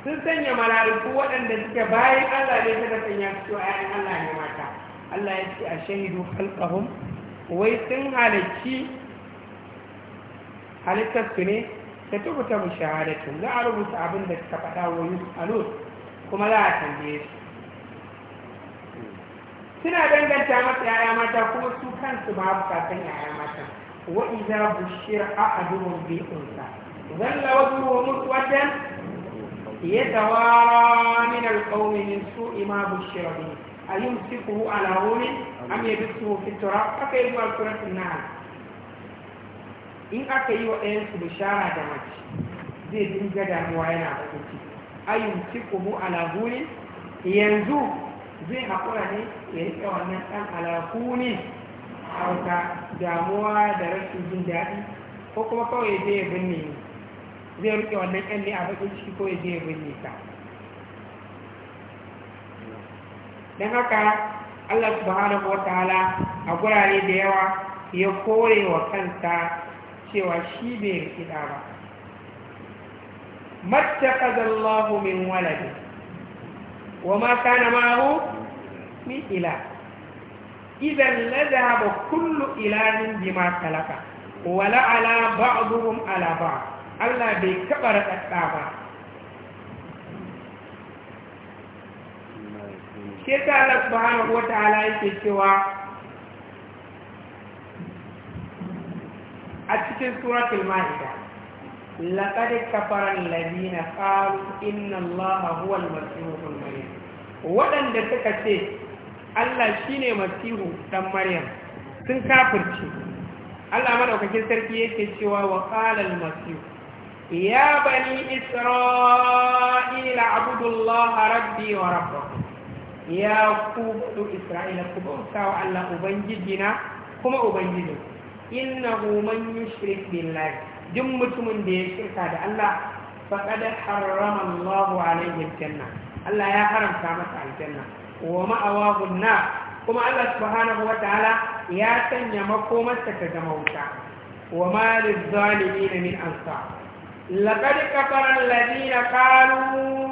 sun sanya mala'iku waɗanda suke bayan Allah ne suka sanya su ƴaƴan Allah ne mata Allah ya ce a shahidu khalqahum wai sun halarci halittar su ne ta tubuta mu shahadatun za a rubuta abin da suka faɗa wa yusuf kuma za a tambaye su suna danganta masa yaya mata kuma su kansu ba su san yaya mata wa idza bushira ahaduhum bil unsa mutu wajen ya tawara min su qawmi min su'i a bushira bihi a ala a mai yadsuhu fi turab aka yi zuwa suratul nahl in aka yi wa ɗayan su bishara da mace zai dinga damuwa yana a hukunci ayumsikuhu a hunin yanzu zai haƙura ne ya riƙe wannan ɗan alaku ne a wata damuwa da rashin jin daɗi ko kuma kawai zai binne ne zai riƙe wannan ɗan ne a bakin ciki ko ya zai binne ka don haka allah subhanahu wa ta'ala a gurare da yawa ya kore wa kanta cewa shi bai rikida ba mattakaza allahu min waladin wa ma kana ma'ahu min ila idan la dhahaba kullu ilahin bima khalaqa wa la ala Allah bai taɓa rakata ba sai ta Allah subhanahu wa ta'ala yake cewa a cikin suratul ma'ida لقد كفر الذين inna Allah الله masu المسيح waɗanda suka ce Allah shi ne masihu dan maryam sun kafirce Allah ɗaukakin sarki yake cewa wa ƙalal Masihu. ya bani isra'ila abudullaha rabbi wa rabba, ya ku bani isra'ila ku bauta wa Allah ubangijina kuma ubangiji innahu man bin billahi Jin mutumin da ya shirka da Allah faqad harrama Allahu alayhi al-janna Allah ya haramta masa aljanna wa ma'awahu kuma Allah subhanahu wataala ya sanya makomarsa ta zama wuta wa ma lizzalimin min ansar لقد كفر الذين قالوا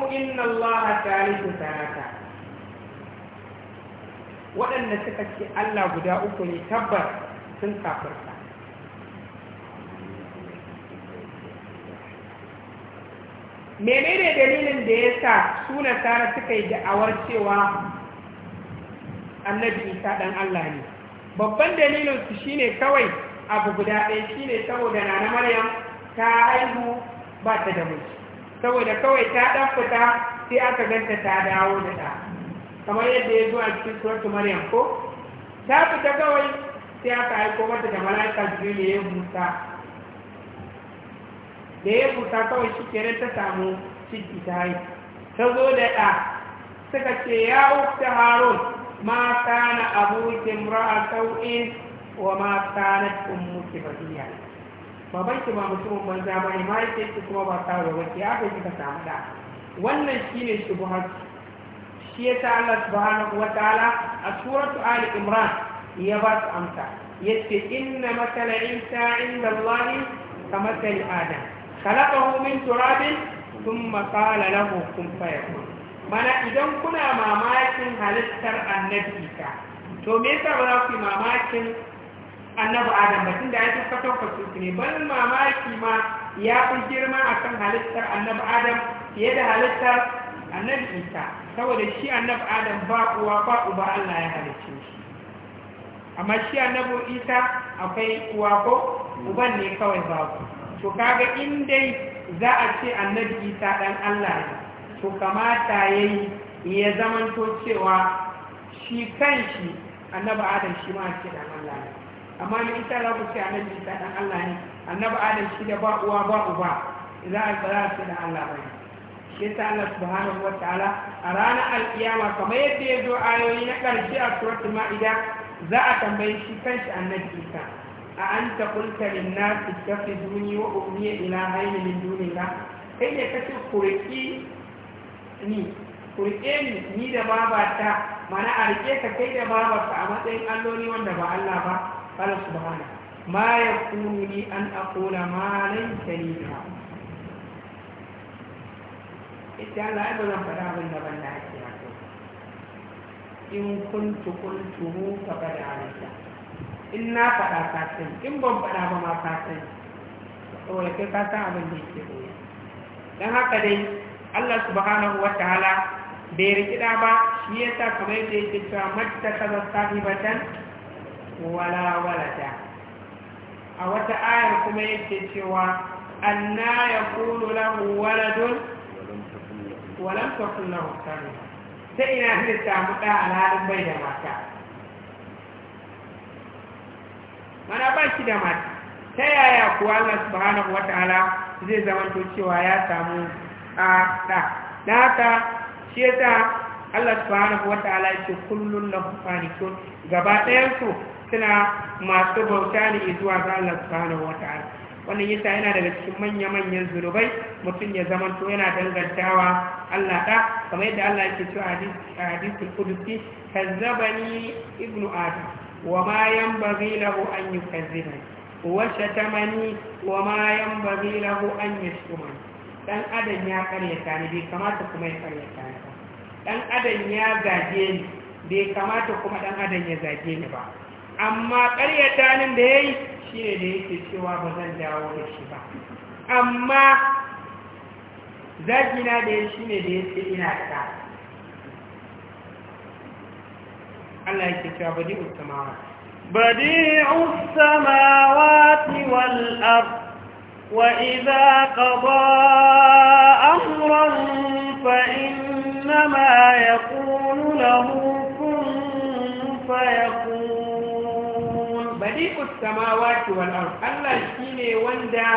إن الله ثالث ثلاثة waɗanda suka ce Allah guda uku ne tabbas sun kafirta menene dalilin da ya sa suna nasara suka yi da'awar cewa annabi isa ɗan Allah ne babban dalilinsu shine kawai abu guda ɗaya shine saboda Nana maryam ta haihu ba ta da miji saboda kawai ta ɗan fita sai aka ganta ta dawo da ɗa kamar yadda ya zo a cikin suratu maryam ko ta fita kawai sai aka aiko mata da mala'ika jibril ya busa da ya kusa kawai shi kere ta samu ciki ta haihu ta zo da ɗa suka ce ya ukta harun ma kana abokin ra'a sau'in wa ma kana ummuki badiya baban ki ba mutumin banza ba ne mahaifiyar ki kuma ba kawo ba ki haka kika samu ɗa wannan shi ne shi ya ta Allah subhanahu wa ta'ala a suratu ali imran ya ba su amsa yace inna in ta inda Allah ta matsali adam khalaqahu min turabin thumma qala lahu kun fayakun mana idan kuna mamakin halittar annabi ka to me yasa ba za ku mamakin annabi adam ba tunda ya tabbatar ka su ne ban mamaki ma ya fi girma akan halittar annabi adam fiye da halittar annabi isa saboda shi annabi adam ba uwa ba uba Allah ya halicce shi amma shi annabi isa akwai uwa ko uban ne kawai babu to kaga in dai za a ce annabi isa ɗan allah ne to kamata ya yi ya zamanto cewa shi kan shi annabi adam shi ma ce ɗan allah ne amma ni isa za ku ce annabi isa ɗan allah ne annabi adam shi da ba uwa ba uba za a ba za a allah ba shi ta allah subhanahu wa ta'ala a ranar alkiyama kamar yadda ya zo ayoyi na karshe a suratul ma'ida za a tambayi shi kanshi annabi isa a an ta kulta linna su tafi duni wa umiya ila haini min duni na kai ne ka ce kurki ni kurke ni ni da babata mana a rike ka kai da babarka a matsayin alloli wanda ba Allah ba qala subhana ma yakunu li an aqula ma laysa li ita Allah ai ba zan faɗa abin da ban da ake in kuntu kuntu faqad alimta in na faɗa ka in ban faɗa ba ma ka sani saboda kai ka san abin da yake koya don haka dai Allah subhanahu wa ta'ala bai rikida ba shi yasa kamar yadda yake cewa matta kaza sahibatan wala walada a wata ayar kuma yake cewa anna yakunu lahu waladun walam takun lahu sahiba sai ina zai samu da ladin bai da mata mana ba shi da mata ta yaya kuwa Allah subhanahu ta'ala zai zamanto cewa ya samu a da da haka shi yasa Allah subhanahu wataala yake kullun lahu qanitun gaba ɗayan su suna masu bauta ne zuwa ga Allah subhanahu ta'ala wannan yasa yana daga cikin manya-manyan zunubai mutum ya zamanto yana dangantawa Allah da kamar yadda Allah yake cewa a hadisul kudusi kazzabani ibnu adam وما ينبغي له أن يكذبني وشتمني وما ينبغي له أن يشتمني dan adam ya karyata ne bai kamata kuma ya karyata ne ba dan adam ya zage ni bai kamata kuma dan adam ya zage ni ba amma karyata ni da yayi shi ne da yake cewa ba zan dawo da shi ba amma zagina da ya shi ne da yake ina ta Allah yake cewa badi'u samawa badi'u samawati wal ard wa idza qada amran fa innama yaqulu lahu kun fayakun badi'u samawati wal ard Allah shine wanda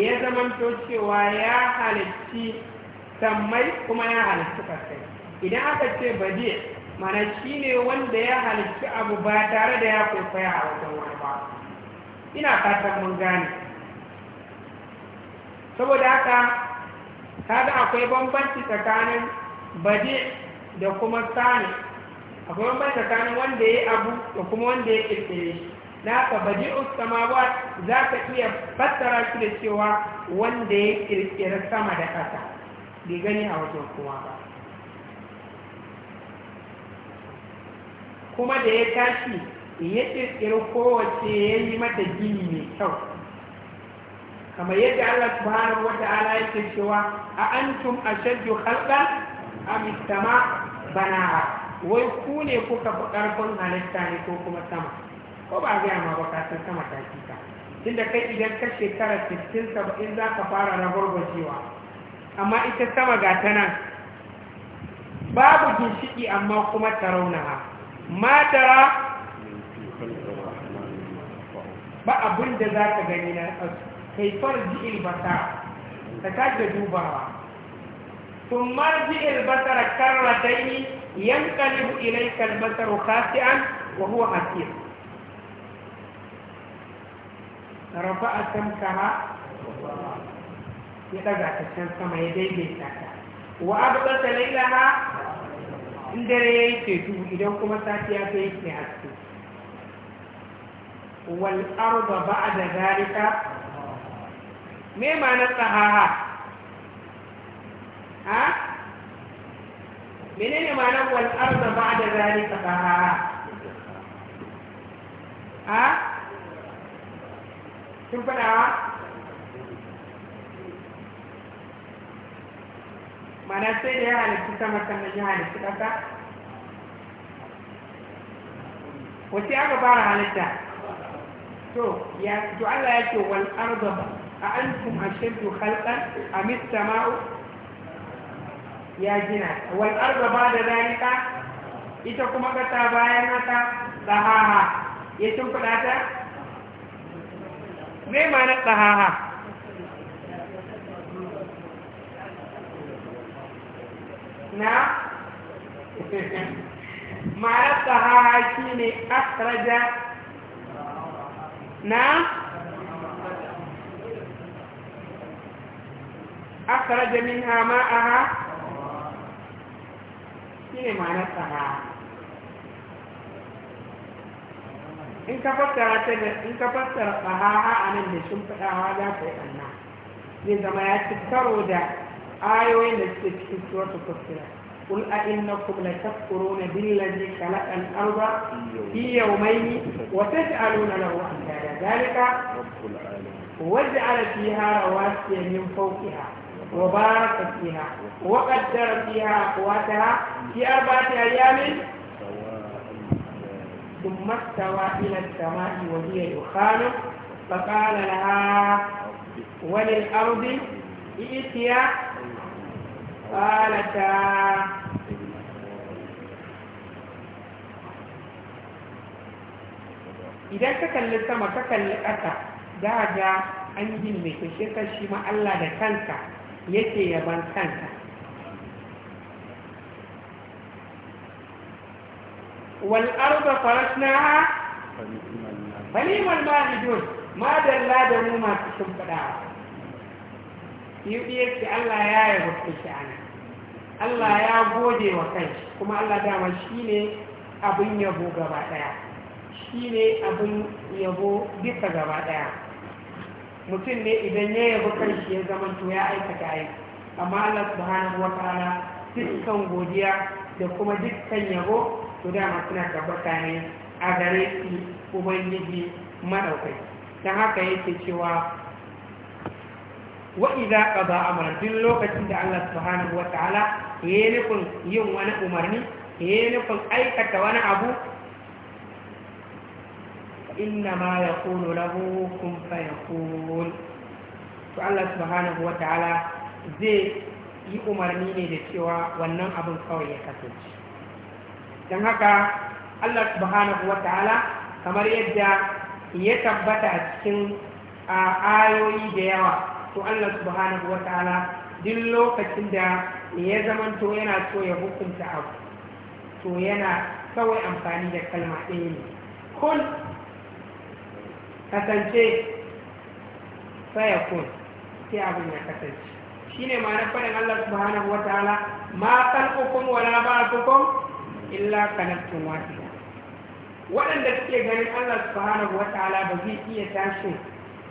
ya zamanto cewa ya halicci sammai kuma ya halicci kasai idan aka ce badi' mana shi ne wanda ya halittu abu ba tare da ya kwaikwaya a wajen wani ba ina fatan mun gane saboda haka kaga akwai bambanci tsakanin bade da kuma sani akwai bambanci tsakanin wanda ya abu da kuma wanda ya kirkire shi na ka bade ba za ka iya fassara shi da cewa wanda ya kirkire sama da ƙasa bai gani a wajen kuma ba kuma da ya tashi ya ƙirƙiri kowace ya yi mata gini mai kyau kamar yadda Allah subhanahu wa ta'ala yake cewa a antum ashaddu khalqan a sama bana. wai ku ne kuka fi ƙarfin halitta ne ko kuma sama ko ba zai ma ba ka san sama ta kika tunda kai idan ka shekara 60 70 za ka fara ragwargwajewa amma ita sama ga ta nan babu ginshiki amma kuma ta raunawa. Matara ba abin da za ka gani na tsarsu kai farji ilbasa ta kake dubawa sun marji ilbasar karratai yankalibu ilaikal kalmatar khasi'an wa huwa hasir rafa a samkaha ya daga ta can sama ya daidaita ta wa abu ta lailaha in dare ya yi ceto idan kuma safiya ta yi ke haske wal arda da zalika me ma ma'anar tsahaha ha ma ma'anar wal arda da zalika tsahaha ha Sun faɗawa mana sai da ya halittu sama sannan ya halittu ƙasa wace aka fara halitta to ya to Allah ya ce wal arda a antum ashaddu khalqan am as-sama'u ya gina wal arda ba da zalika ita kuma kasa bayan haka tsahaha ya shimfiɗa ta me ma na tsahaha نعم معرفتها عايشيني أخرج نعم أخرج منها ماءها كيني معرفتها إن كفتر أتبه إن كفتر أهاها أنا اللي شمتها هذا في أنا إذا ما يتكروا آيوين في سورة التفسير قل أئنكم لتكفرون بالذي خلق الأرض في إيوه. يومين وتجعلون له أندادا ذلك وجعل فيها رواسي من فوقها وبارك فيها وقدر فيها أقواتها في أربعة أيام ثم استوى إلى السماء وهي دخان فقال لها وللأرض ائتيا idan ka kalli sama ka kalli ƙasa za ga an gini mai kushe shi ma Allah da kanka yake yaban kanka wal arda farashnaha falimal ma'idun ma dalla da mu masu shimfiɗawa yi yake Allah ya yi hukunci ana Allah ya gode wa kai kuma Allah dama shi ne abin yabo gaba ɗaya shi ne abin yabo bisa gaba ɗaya mutum ne idan ya yabo kanshi ya zama to ya aikata aiki amma Allah subhanahu wa ta'ala dukkan godiya da kuma dukkan yabo to dama suna tabbata ne a gare shi ubangiji maɗaukai don haka yake cewa wa idza qada amran lokacin da Allah subhanahu wa ta'ala ya yi nufin yin wani umarni ya yi nufin aikata wani abu inna ma ya kulu lahu kun to Allah subhanahu wa ta'ala zai yi umarni ne da cewa wannan abin kawai ya kasance don haka Allah subhanahu wa ta'ala kamar yadda ya tabbata a cikin ayoyi da yawa to Allah subhanahu wa ta'ala duk lokacin da ya to yana so ya hukunta abu to yana kawai amfani da kalma ɗaya ne kun kasance saya kun sai abin ya kasance shi ne ma'anar faɗin Allah bahana wa ta'ala ma kalkukum wala ba'atukum illa kanattun wahida waɗanda suke ganin Allah bahana wa ta'ala ba zai iya tashin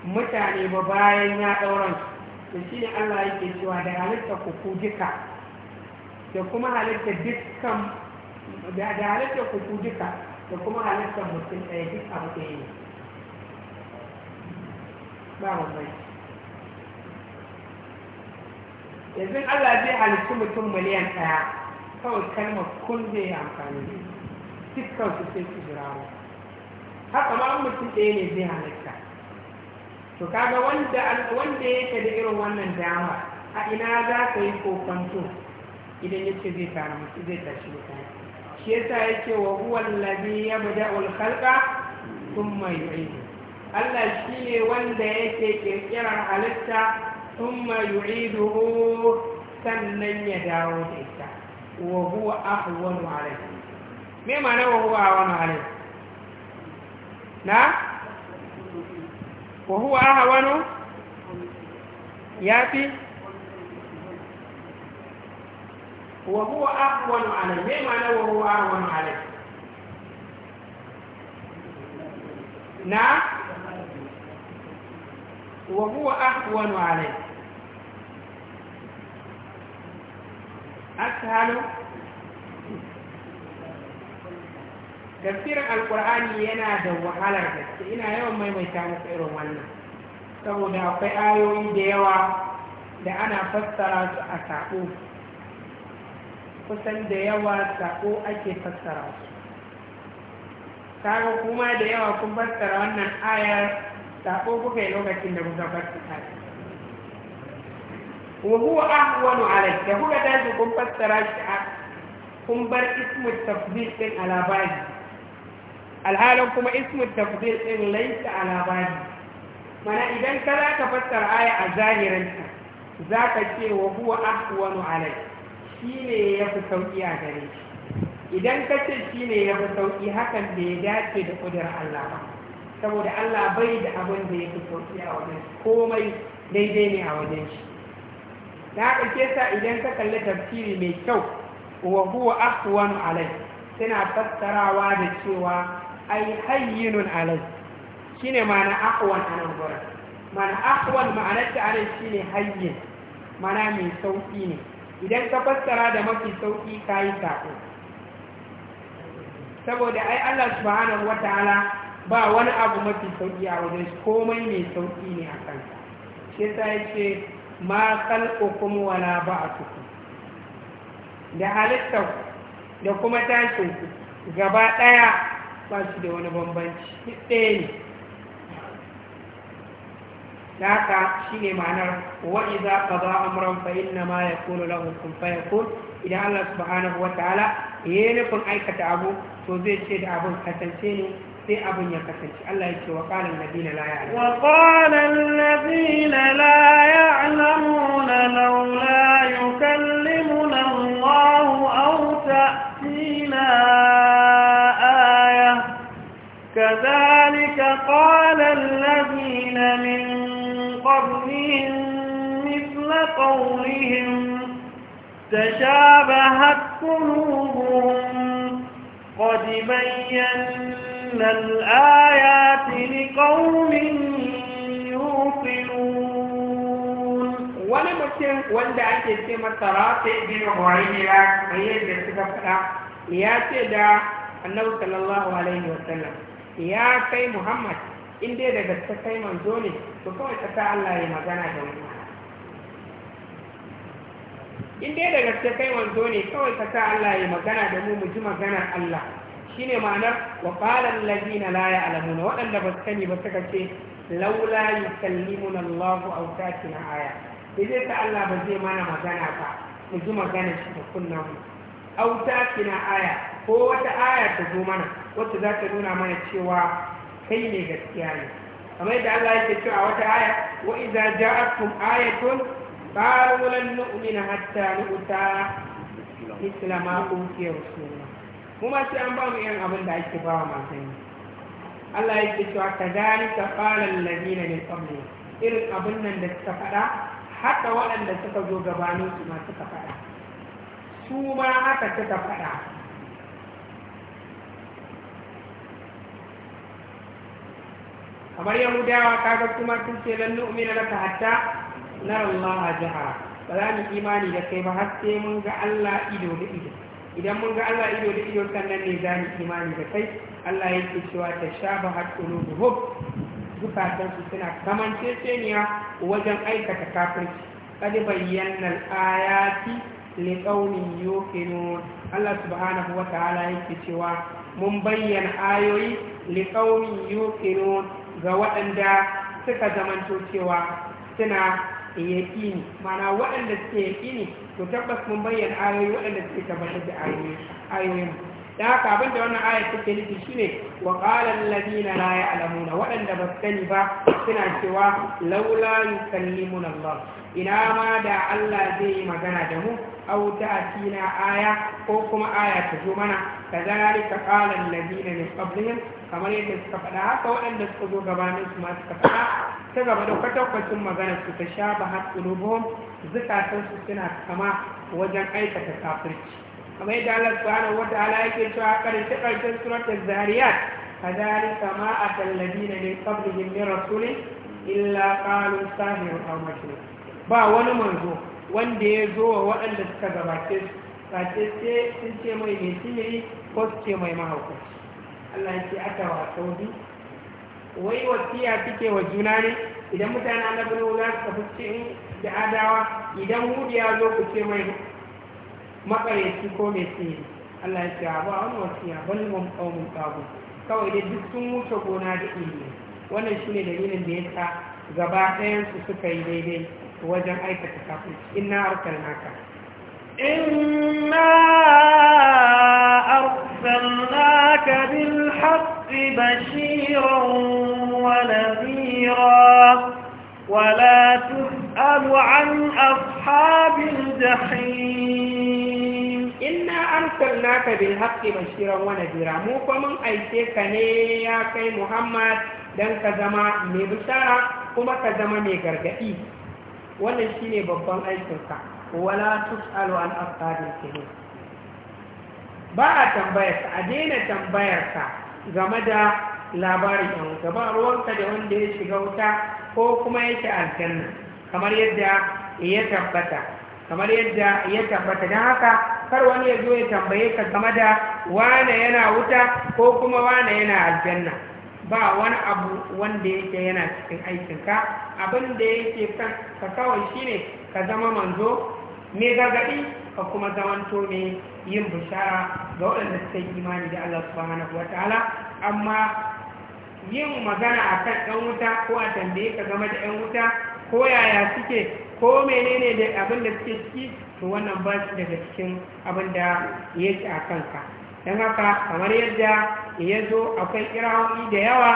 mutane ba bayan ya ɗauransu to shi ne Allah yake cewa da halitta ku duka da kuma halittar dukkan da halittar kuku duka da kuma halittar mutum ɗaya duk abu ɗaya ne ba mai yanzu Allah zai halittu mutum miliyan ɗaya kawai kalmar kun zai yi amfani da dukkan su sai su mu. haka ma mutum ɗaya ne zai halitta to kaga wanda wanda yake da irin wannan dama a ina za ka yi kokonto idan ya ce zai tara mutu zai tashi mutane shi yasa ya ce wa huwan labi ya bada ulkalka sun mai yu'idu Allah shi ne wanda yake kirkirar halitta sun mai yu'idu sannan ya dawo da ita wa huwa ahuwan alaihi me mana wa huwa ahuwan alaihi na wa huwa ahwanu ya fi wa huwa ahwanu alai me ma'ana wa huwa ahwanu alai na wa huwa ahwanu alai ashalu tafsirin alqur'ani yana da wahalar gaske ina yawan maimaita muku irin wannan saboda akwai ayoyi da yawa da ana fassara su a sabo. kusan da yawa sako ake fassara su kaga kuma da yawa kun fassara wannan aya sako kuka yi lokacin da kuka fassara wa huwa ahwanu alai da kuka tashi kun fassara shi a kun bar ismu tafdil din alabari alhalin kuma ismu tafdil din laisa alabari mana idan ka za ka fassara aya a zahirinta za ka ce wa huwa ahwanu alai shi ne ya fi sauƙi a gare shi idan ka ce shi ne ya fi sauƙi hakan da ya dace da ƙudurar Allah ba saboda Allah bai da abin da ya fi sauƙi a wajen shi komai daidai ne a wajen shi Na haka sa idan ka kalli tafsiri mai kyau wa huwa ahwanu alai suna fassarawa da cewa ai hayyinun alai shine ma'ana ahwan anan gurin ma'ana ahwan ma'anar ta shine hayyin mana mai sauƙi ne idan ka fassara da mafi sauƙi ka yi sako saboda ai Allah subhanahu wataala ba wani abu mafi sauki a wajen komai mai sauƙi ne a kansa shi ya ce ma khalqukum wala ba'thukum da halitta da kuma tashin gaba daya ba shi da wani bambanci ɗaya ne da haka shi ne ma'anar wa'iza ka za amuran fa'in na ma ya kolo lahukun fayakun idan Allah subhanahu wa ta'ala ya yi nufin aikata abu to zai ce da abin kasance ne sai abin ya kasance Allah ya ce wa ƙanan nabi na laya alamu wa ƙanan nabi na laya alamu na laula yi kallimu na wahu auta tina aya كذلك قال الذين min. قولهم تشابهت قلوبهم قد بينا الآيات لقوم يوقنون ولم مسلم ولد عايز كما ترى بين معين يا هي اللي دا النبي صلى الله عليه وسلم يا كي محمد إن دي دا بس كي منزوني فقوة تتعالى يمزانا جميعا in dai da gaske kai wanzo ne kawai ka sa Allah ya magana da mu mu ji maganar Allah shine ma'anar wa qala allazina la ya'lamuna waɗanda ba su sani ba suka ce laula yukallimuna Allahu aw ta'tina aya sai ta Allah ba zai mana magana ba mu ji maganar shi da kunna mu aw ta'tina aya ko wata aya ta zo mana wacce za ta nuna mana cewa kai ne gaskiya ne kamar yadda Allah yake cewa wata aya wa idza ja'akum ayatun قالوا لن نؤمن حتى نؤتى مثل ما أوتي رسول الله kuma sai an ba mu yan abin da ake ba wa masu yi Allah ya ce cewa ka gani ta fara lalabi na ne kwamne irin abin nan da suka faɗa haka waɗanda suka zo gabanin su ma suka faɗa su ma haka suka faɗa kamar yahudawa ga kuma sun ce lan nu'mina laka hatta na Allah jiha ba za mu imani da kai ba har sai mun ga Allah ido da ido idan mun ga Allah ido da ido sannan ne za mu imani da kai Allah yake cewa ta shaba har qulubuhum zukatansu suna kamanceceniya wajen aikata kafirci qad bayyana al-ayati liqaumin yuqinun Allah subhanahu wa ta'ala yake cewa mun bayyana ayoyi liqaumin yuqinun ga waɗanda suka zamanto cewa suna yaƙini mana waɗanda suke yaƙini to tabbas mun bayyana ayoyi waɗanda suke tabbatar da ayoyin da haka abin da wannan ayar take nufi shine wa qala alladheena la ya'lamuna waɗanda ba su sani ba suna cewa laula yukallimuna Allah ina ma da Allah zai yi magana da mu aw ta'tina aya ko kuma aya ta zo mana kazalika qala alladheena min qablihim kamar yadda suka faɗa haka waɗanda suka zo gabanin su masu suka faɗa ta gaba da kwatankwacin magana su ta sha ba har zukatan su suna kama wajen aikata kafirci kamar yadda Allah wata wa ta'ala yake cewa ƙarshe ƙarshen suratul zariyat kama a tallabi na ne qablihim min rasuli illa qalu sahiru aw ba wani manzo wanda ya zo wa waɗanda suka gabace su sace sai sun ce mai mai ko su ce mai mahaukaci Allah ya ce aka wa saudi wai wasiya take wa juna ne idan mutane na gano za su tafi in da adawa idan hudu ya zo ku ce mai shi ko mai sihiri Allah ya ce ba wani wasiya bal mun qaumun qabu kawai dai duk sun wuce gona da ilimi wannan shine dalilin da yasa gaba ɗayan su suka yi daidai wajen aikata kafirci inna naka. inna أرسلناك بالحق بشيرا ونذيرا ولا تسأل عن أصحاب الجحيم إنا أرسلناك بالحق بشيرا ونذيرا مو فمن أيتيك يا كي محمد dan ka zama mai bishara kuma ka zama mai gargaɗi wannan shine babban aikinka wala tus'alu an ashabil ba a tambayarsa a daina tambayarsa game da labarin yan wuta ba ruwanka da wanda ya shiga wuta ko kuma yake aljanna kamar yadda ya tabbata kamar yadda ya tabbata don haka kar wani ya zo ya tambaye ka game da wane yana wuta ko kuma wane yana aljanna ba wani abu wanda yake yana cikin aikinka abin da yake ka kawai shine ka zama manzo mai gargaɗi ka kuma zamanto mai yin bishara ga waɗanda suka yi imani da Allah subhanahu ta'ala amma yin magana akan ɗan wuta ko a tambaye ka game da ɗan wuta ko yaya suke ko menene da abin da suke ciki to wannan ba shi daga cikin abin da yake a kanka don haka kamar yadda ya zo akwai kirawoyi da yawa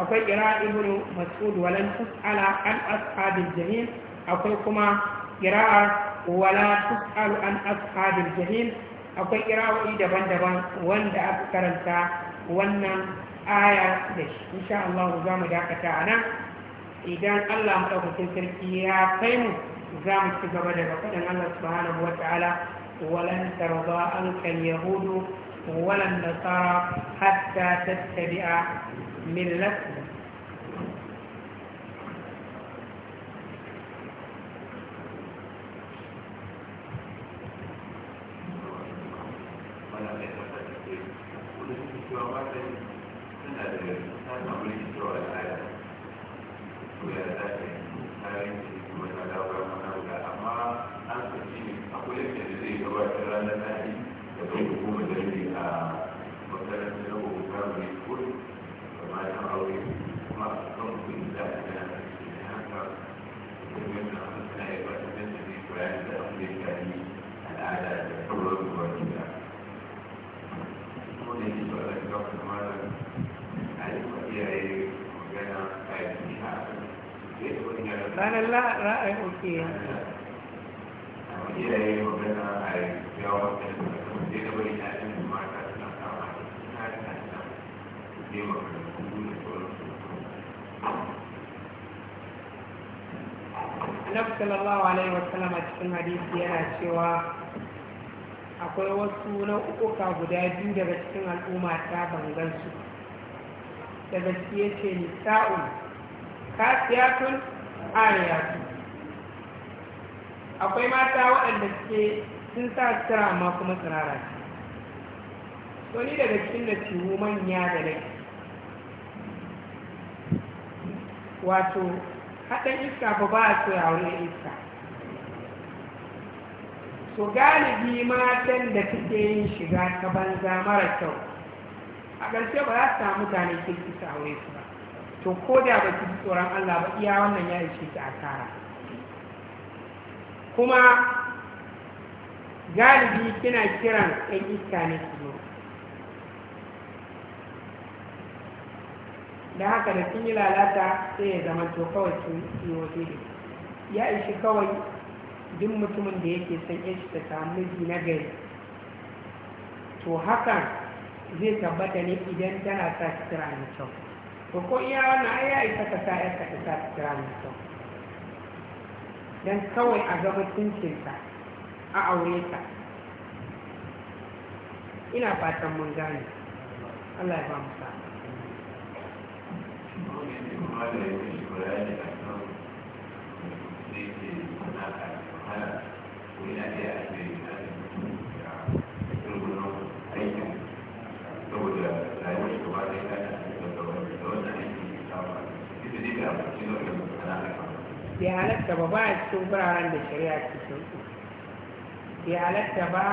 akwai kira ibn mas'ud walan tus'ala an ashabil jahim akwai kuma kira'ar wala tus'alu an ashabil jahim akwai kira'o'i daban-daban wanda aka karanta wannan aya da shi insha Allah za mu dakata a nan idan Allah maɗaukakin sarki ya kai mu za mu ci gaba daga faɗin Allah subhanahu wa ta'ala walan tarba an kan yahudu walan nasara hatta tattabi'a millatahum cikin hadisi yana cewa akwai wasu nau'uka guda biyu daga cikin al'umma ta bangansu daga ciye ce ni, nisa'un kasiyatun ariyatu akwai mata waɗanda suke sun sa sira amma kuma tsirara ce wani daga cikin da tuhu manya da nake wato haɗin iska ba ba a so ya iska to galibi matan da suke yin shiga ta banza mara kyau a ƙarshe ba za su samu mutane ke su aure su ba to ko da ba su tsoron Allah ba iya wannan ya ishe a asara kuma galibi kina kiran ɗan iska ne su zo da haka da sun yi lalata sai ya zama to kawai sun yi wasu ya ishi kawai duk mutumin da yake son yashi ta miji na gari to hakan zai tabbata ne idan tana sa sutura mai kyau to ko iya wani ai ya isa ka sa 'yanka ta sa sutura mai kyau don kawai a ga mutuncinta a aure ta ina fatan mun gane Allah ya ba mu sa'a bai halatta ba ba cikin wuraren da shari'a ke sauki bai halatta ba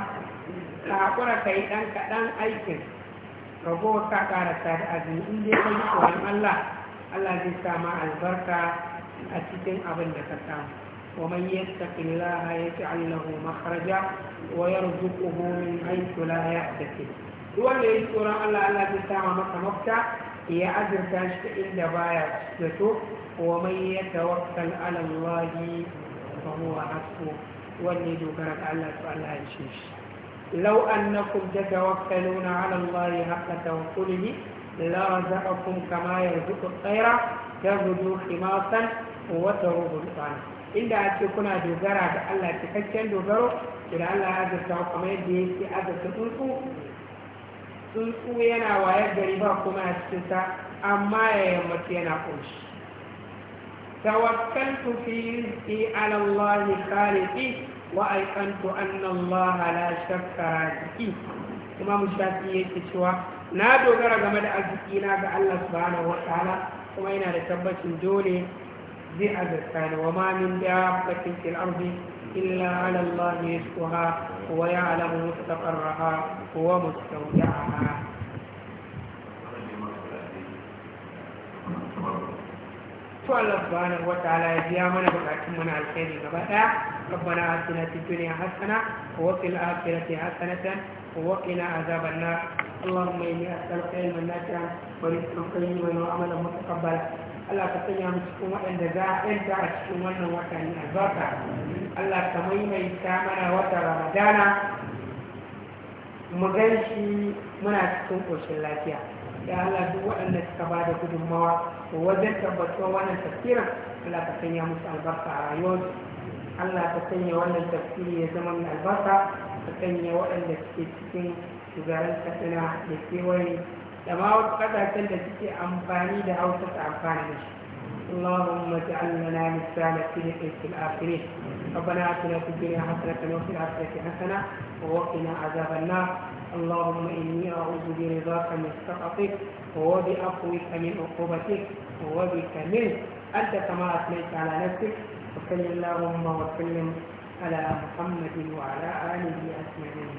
ka haƙura ka yi ɗan kaɗan aikin ragowa ka ƙarasa da azumi in dai ka yi tsoron allah allah zai sama albarka a cikin abin da ka samu ومن يتق الله يجعل له مخرجا ويرزقه من حيث لا يحتسب wanda ya tsoron Allah Allah zai sama masa mafita ya azurta shi ta inda baya zato ومن يتوكل على الله فهو حسبه واللي دوكرت على سؤال الشيش لو أنكم تتوكلون على الله حق توكله لرزقكم كما يرزق الطير تغدو خماصا وتروه الطعام inda a ce kuna dogara da Allah cikakken dogaro da Allah ya azurta kamar yadda yake azurta tsuntsu tsuntsu yana wayar gari ba kuma a cikinsa amma ya yammaci yana ƙunshi توكلت في رزقي على الله خالقي وأيقنت أن الله لا شك رازقي Imam Shafi yake cewa na dogara game da arziki na ga Allah subhanahu wataala kuma yana da tabbacin dole zai azurta ni wa ma min dabbatin fil ardi illa ala Allah yasquha wa ya'lamu mustaqarraha wa mustawda'aha to Allah subhanahu wataala ya biya mana bukatun mana alkhairi gaba daya rabbana atina fid dunya hasana wa fil akhirati hasanatan wa qina azaban nar اللهم إني أسألك علما نافعا ورزقا طيبا وعملا متقبلا Allah ka sanya mu cikin waɗanda za a ɗanta a cikin wannan wata ne albarka Allah ka maimaita mana wata ramadana mu gan shi muna cikin ƙoshin lafiya ya Allah duk waɗanda suka ba da gudunmawa to wajen tabbatuwar wannan tafsirin Allah ka sanya musu albarka a rayuwarsu Allah ka sanya wannan tafsiri ya zama mai albarka ka sanya waɗanda suke cikin shugaban katsina da kewaye da ma wasu ƙasashen da suke amfani da hausa ta amfani da shi اللهم اجعل لنا لسان صدق في الاخرين ربنا اتنا في الدنيا حسنه وفي الاخره حسنه ووقنا عذاب النار اللهم إني أعوذ برضاك من سخطك وبعفوك من عقوبتك وبك منك أنت كما أثنيت على نفسك وصل اللهم وسلم على محمد وعلى آله أجمعين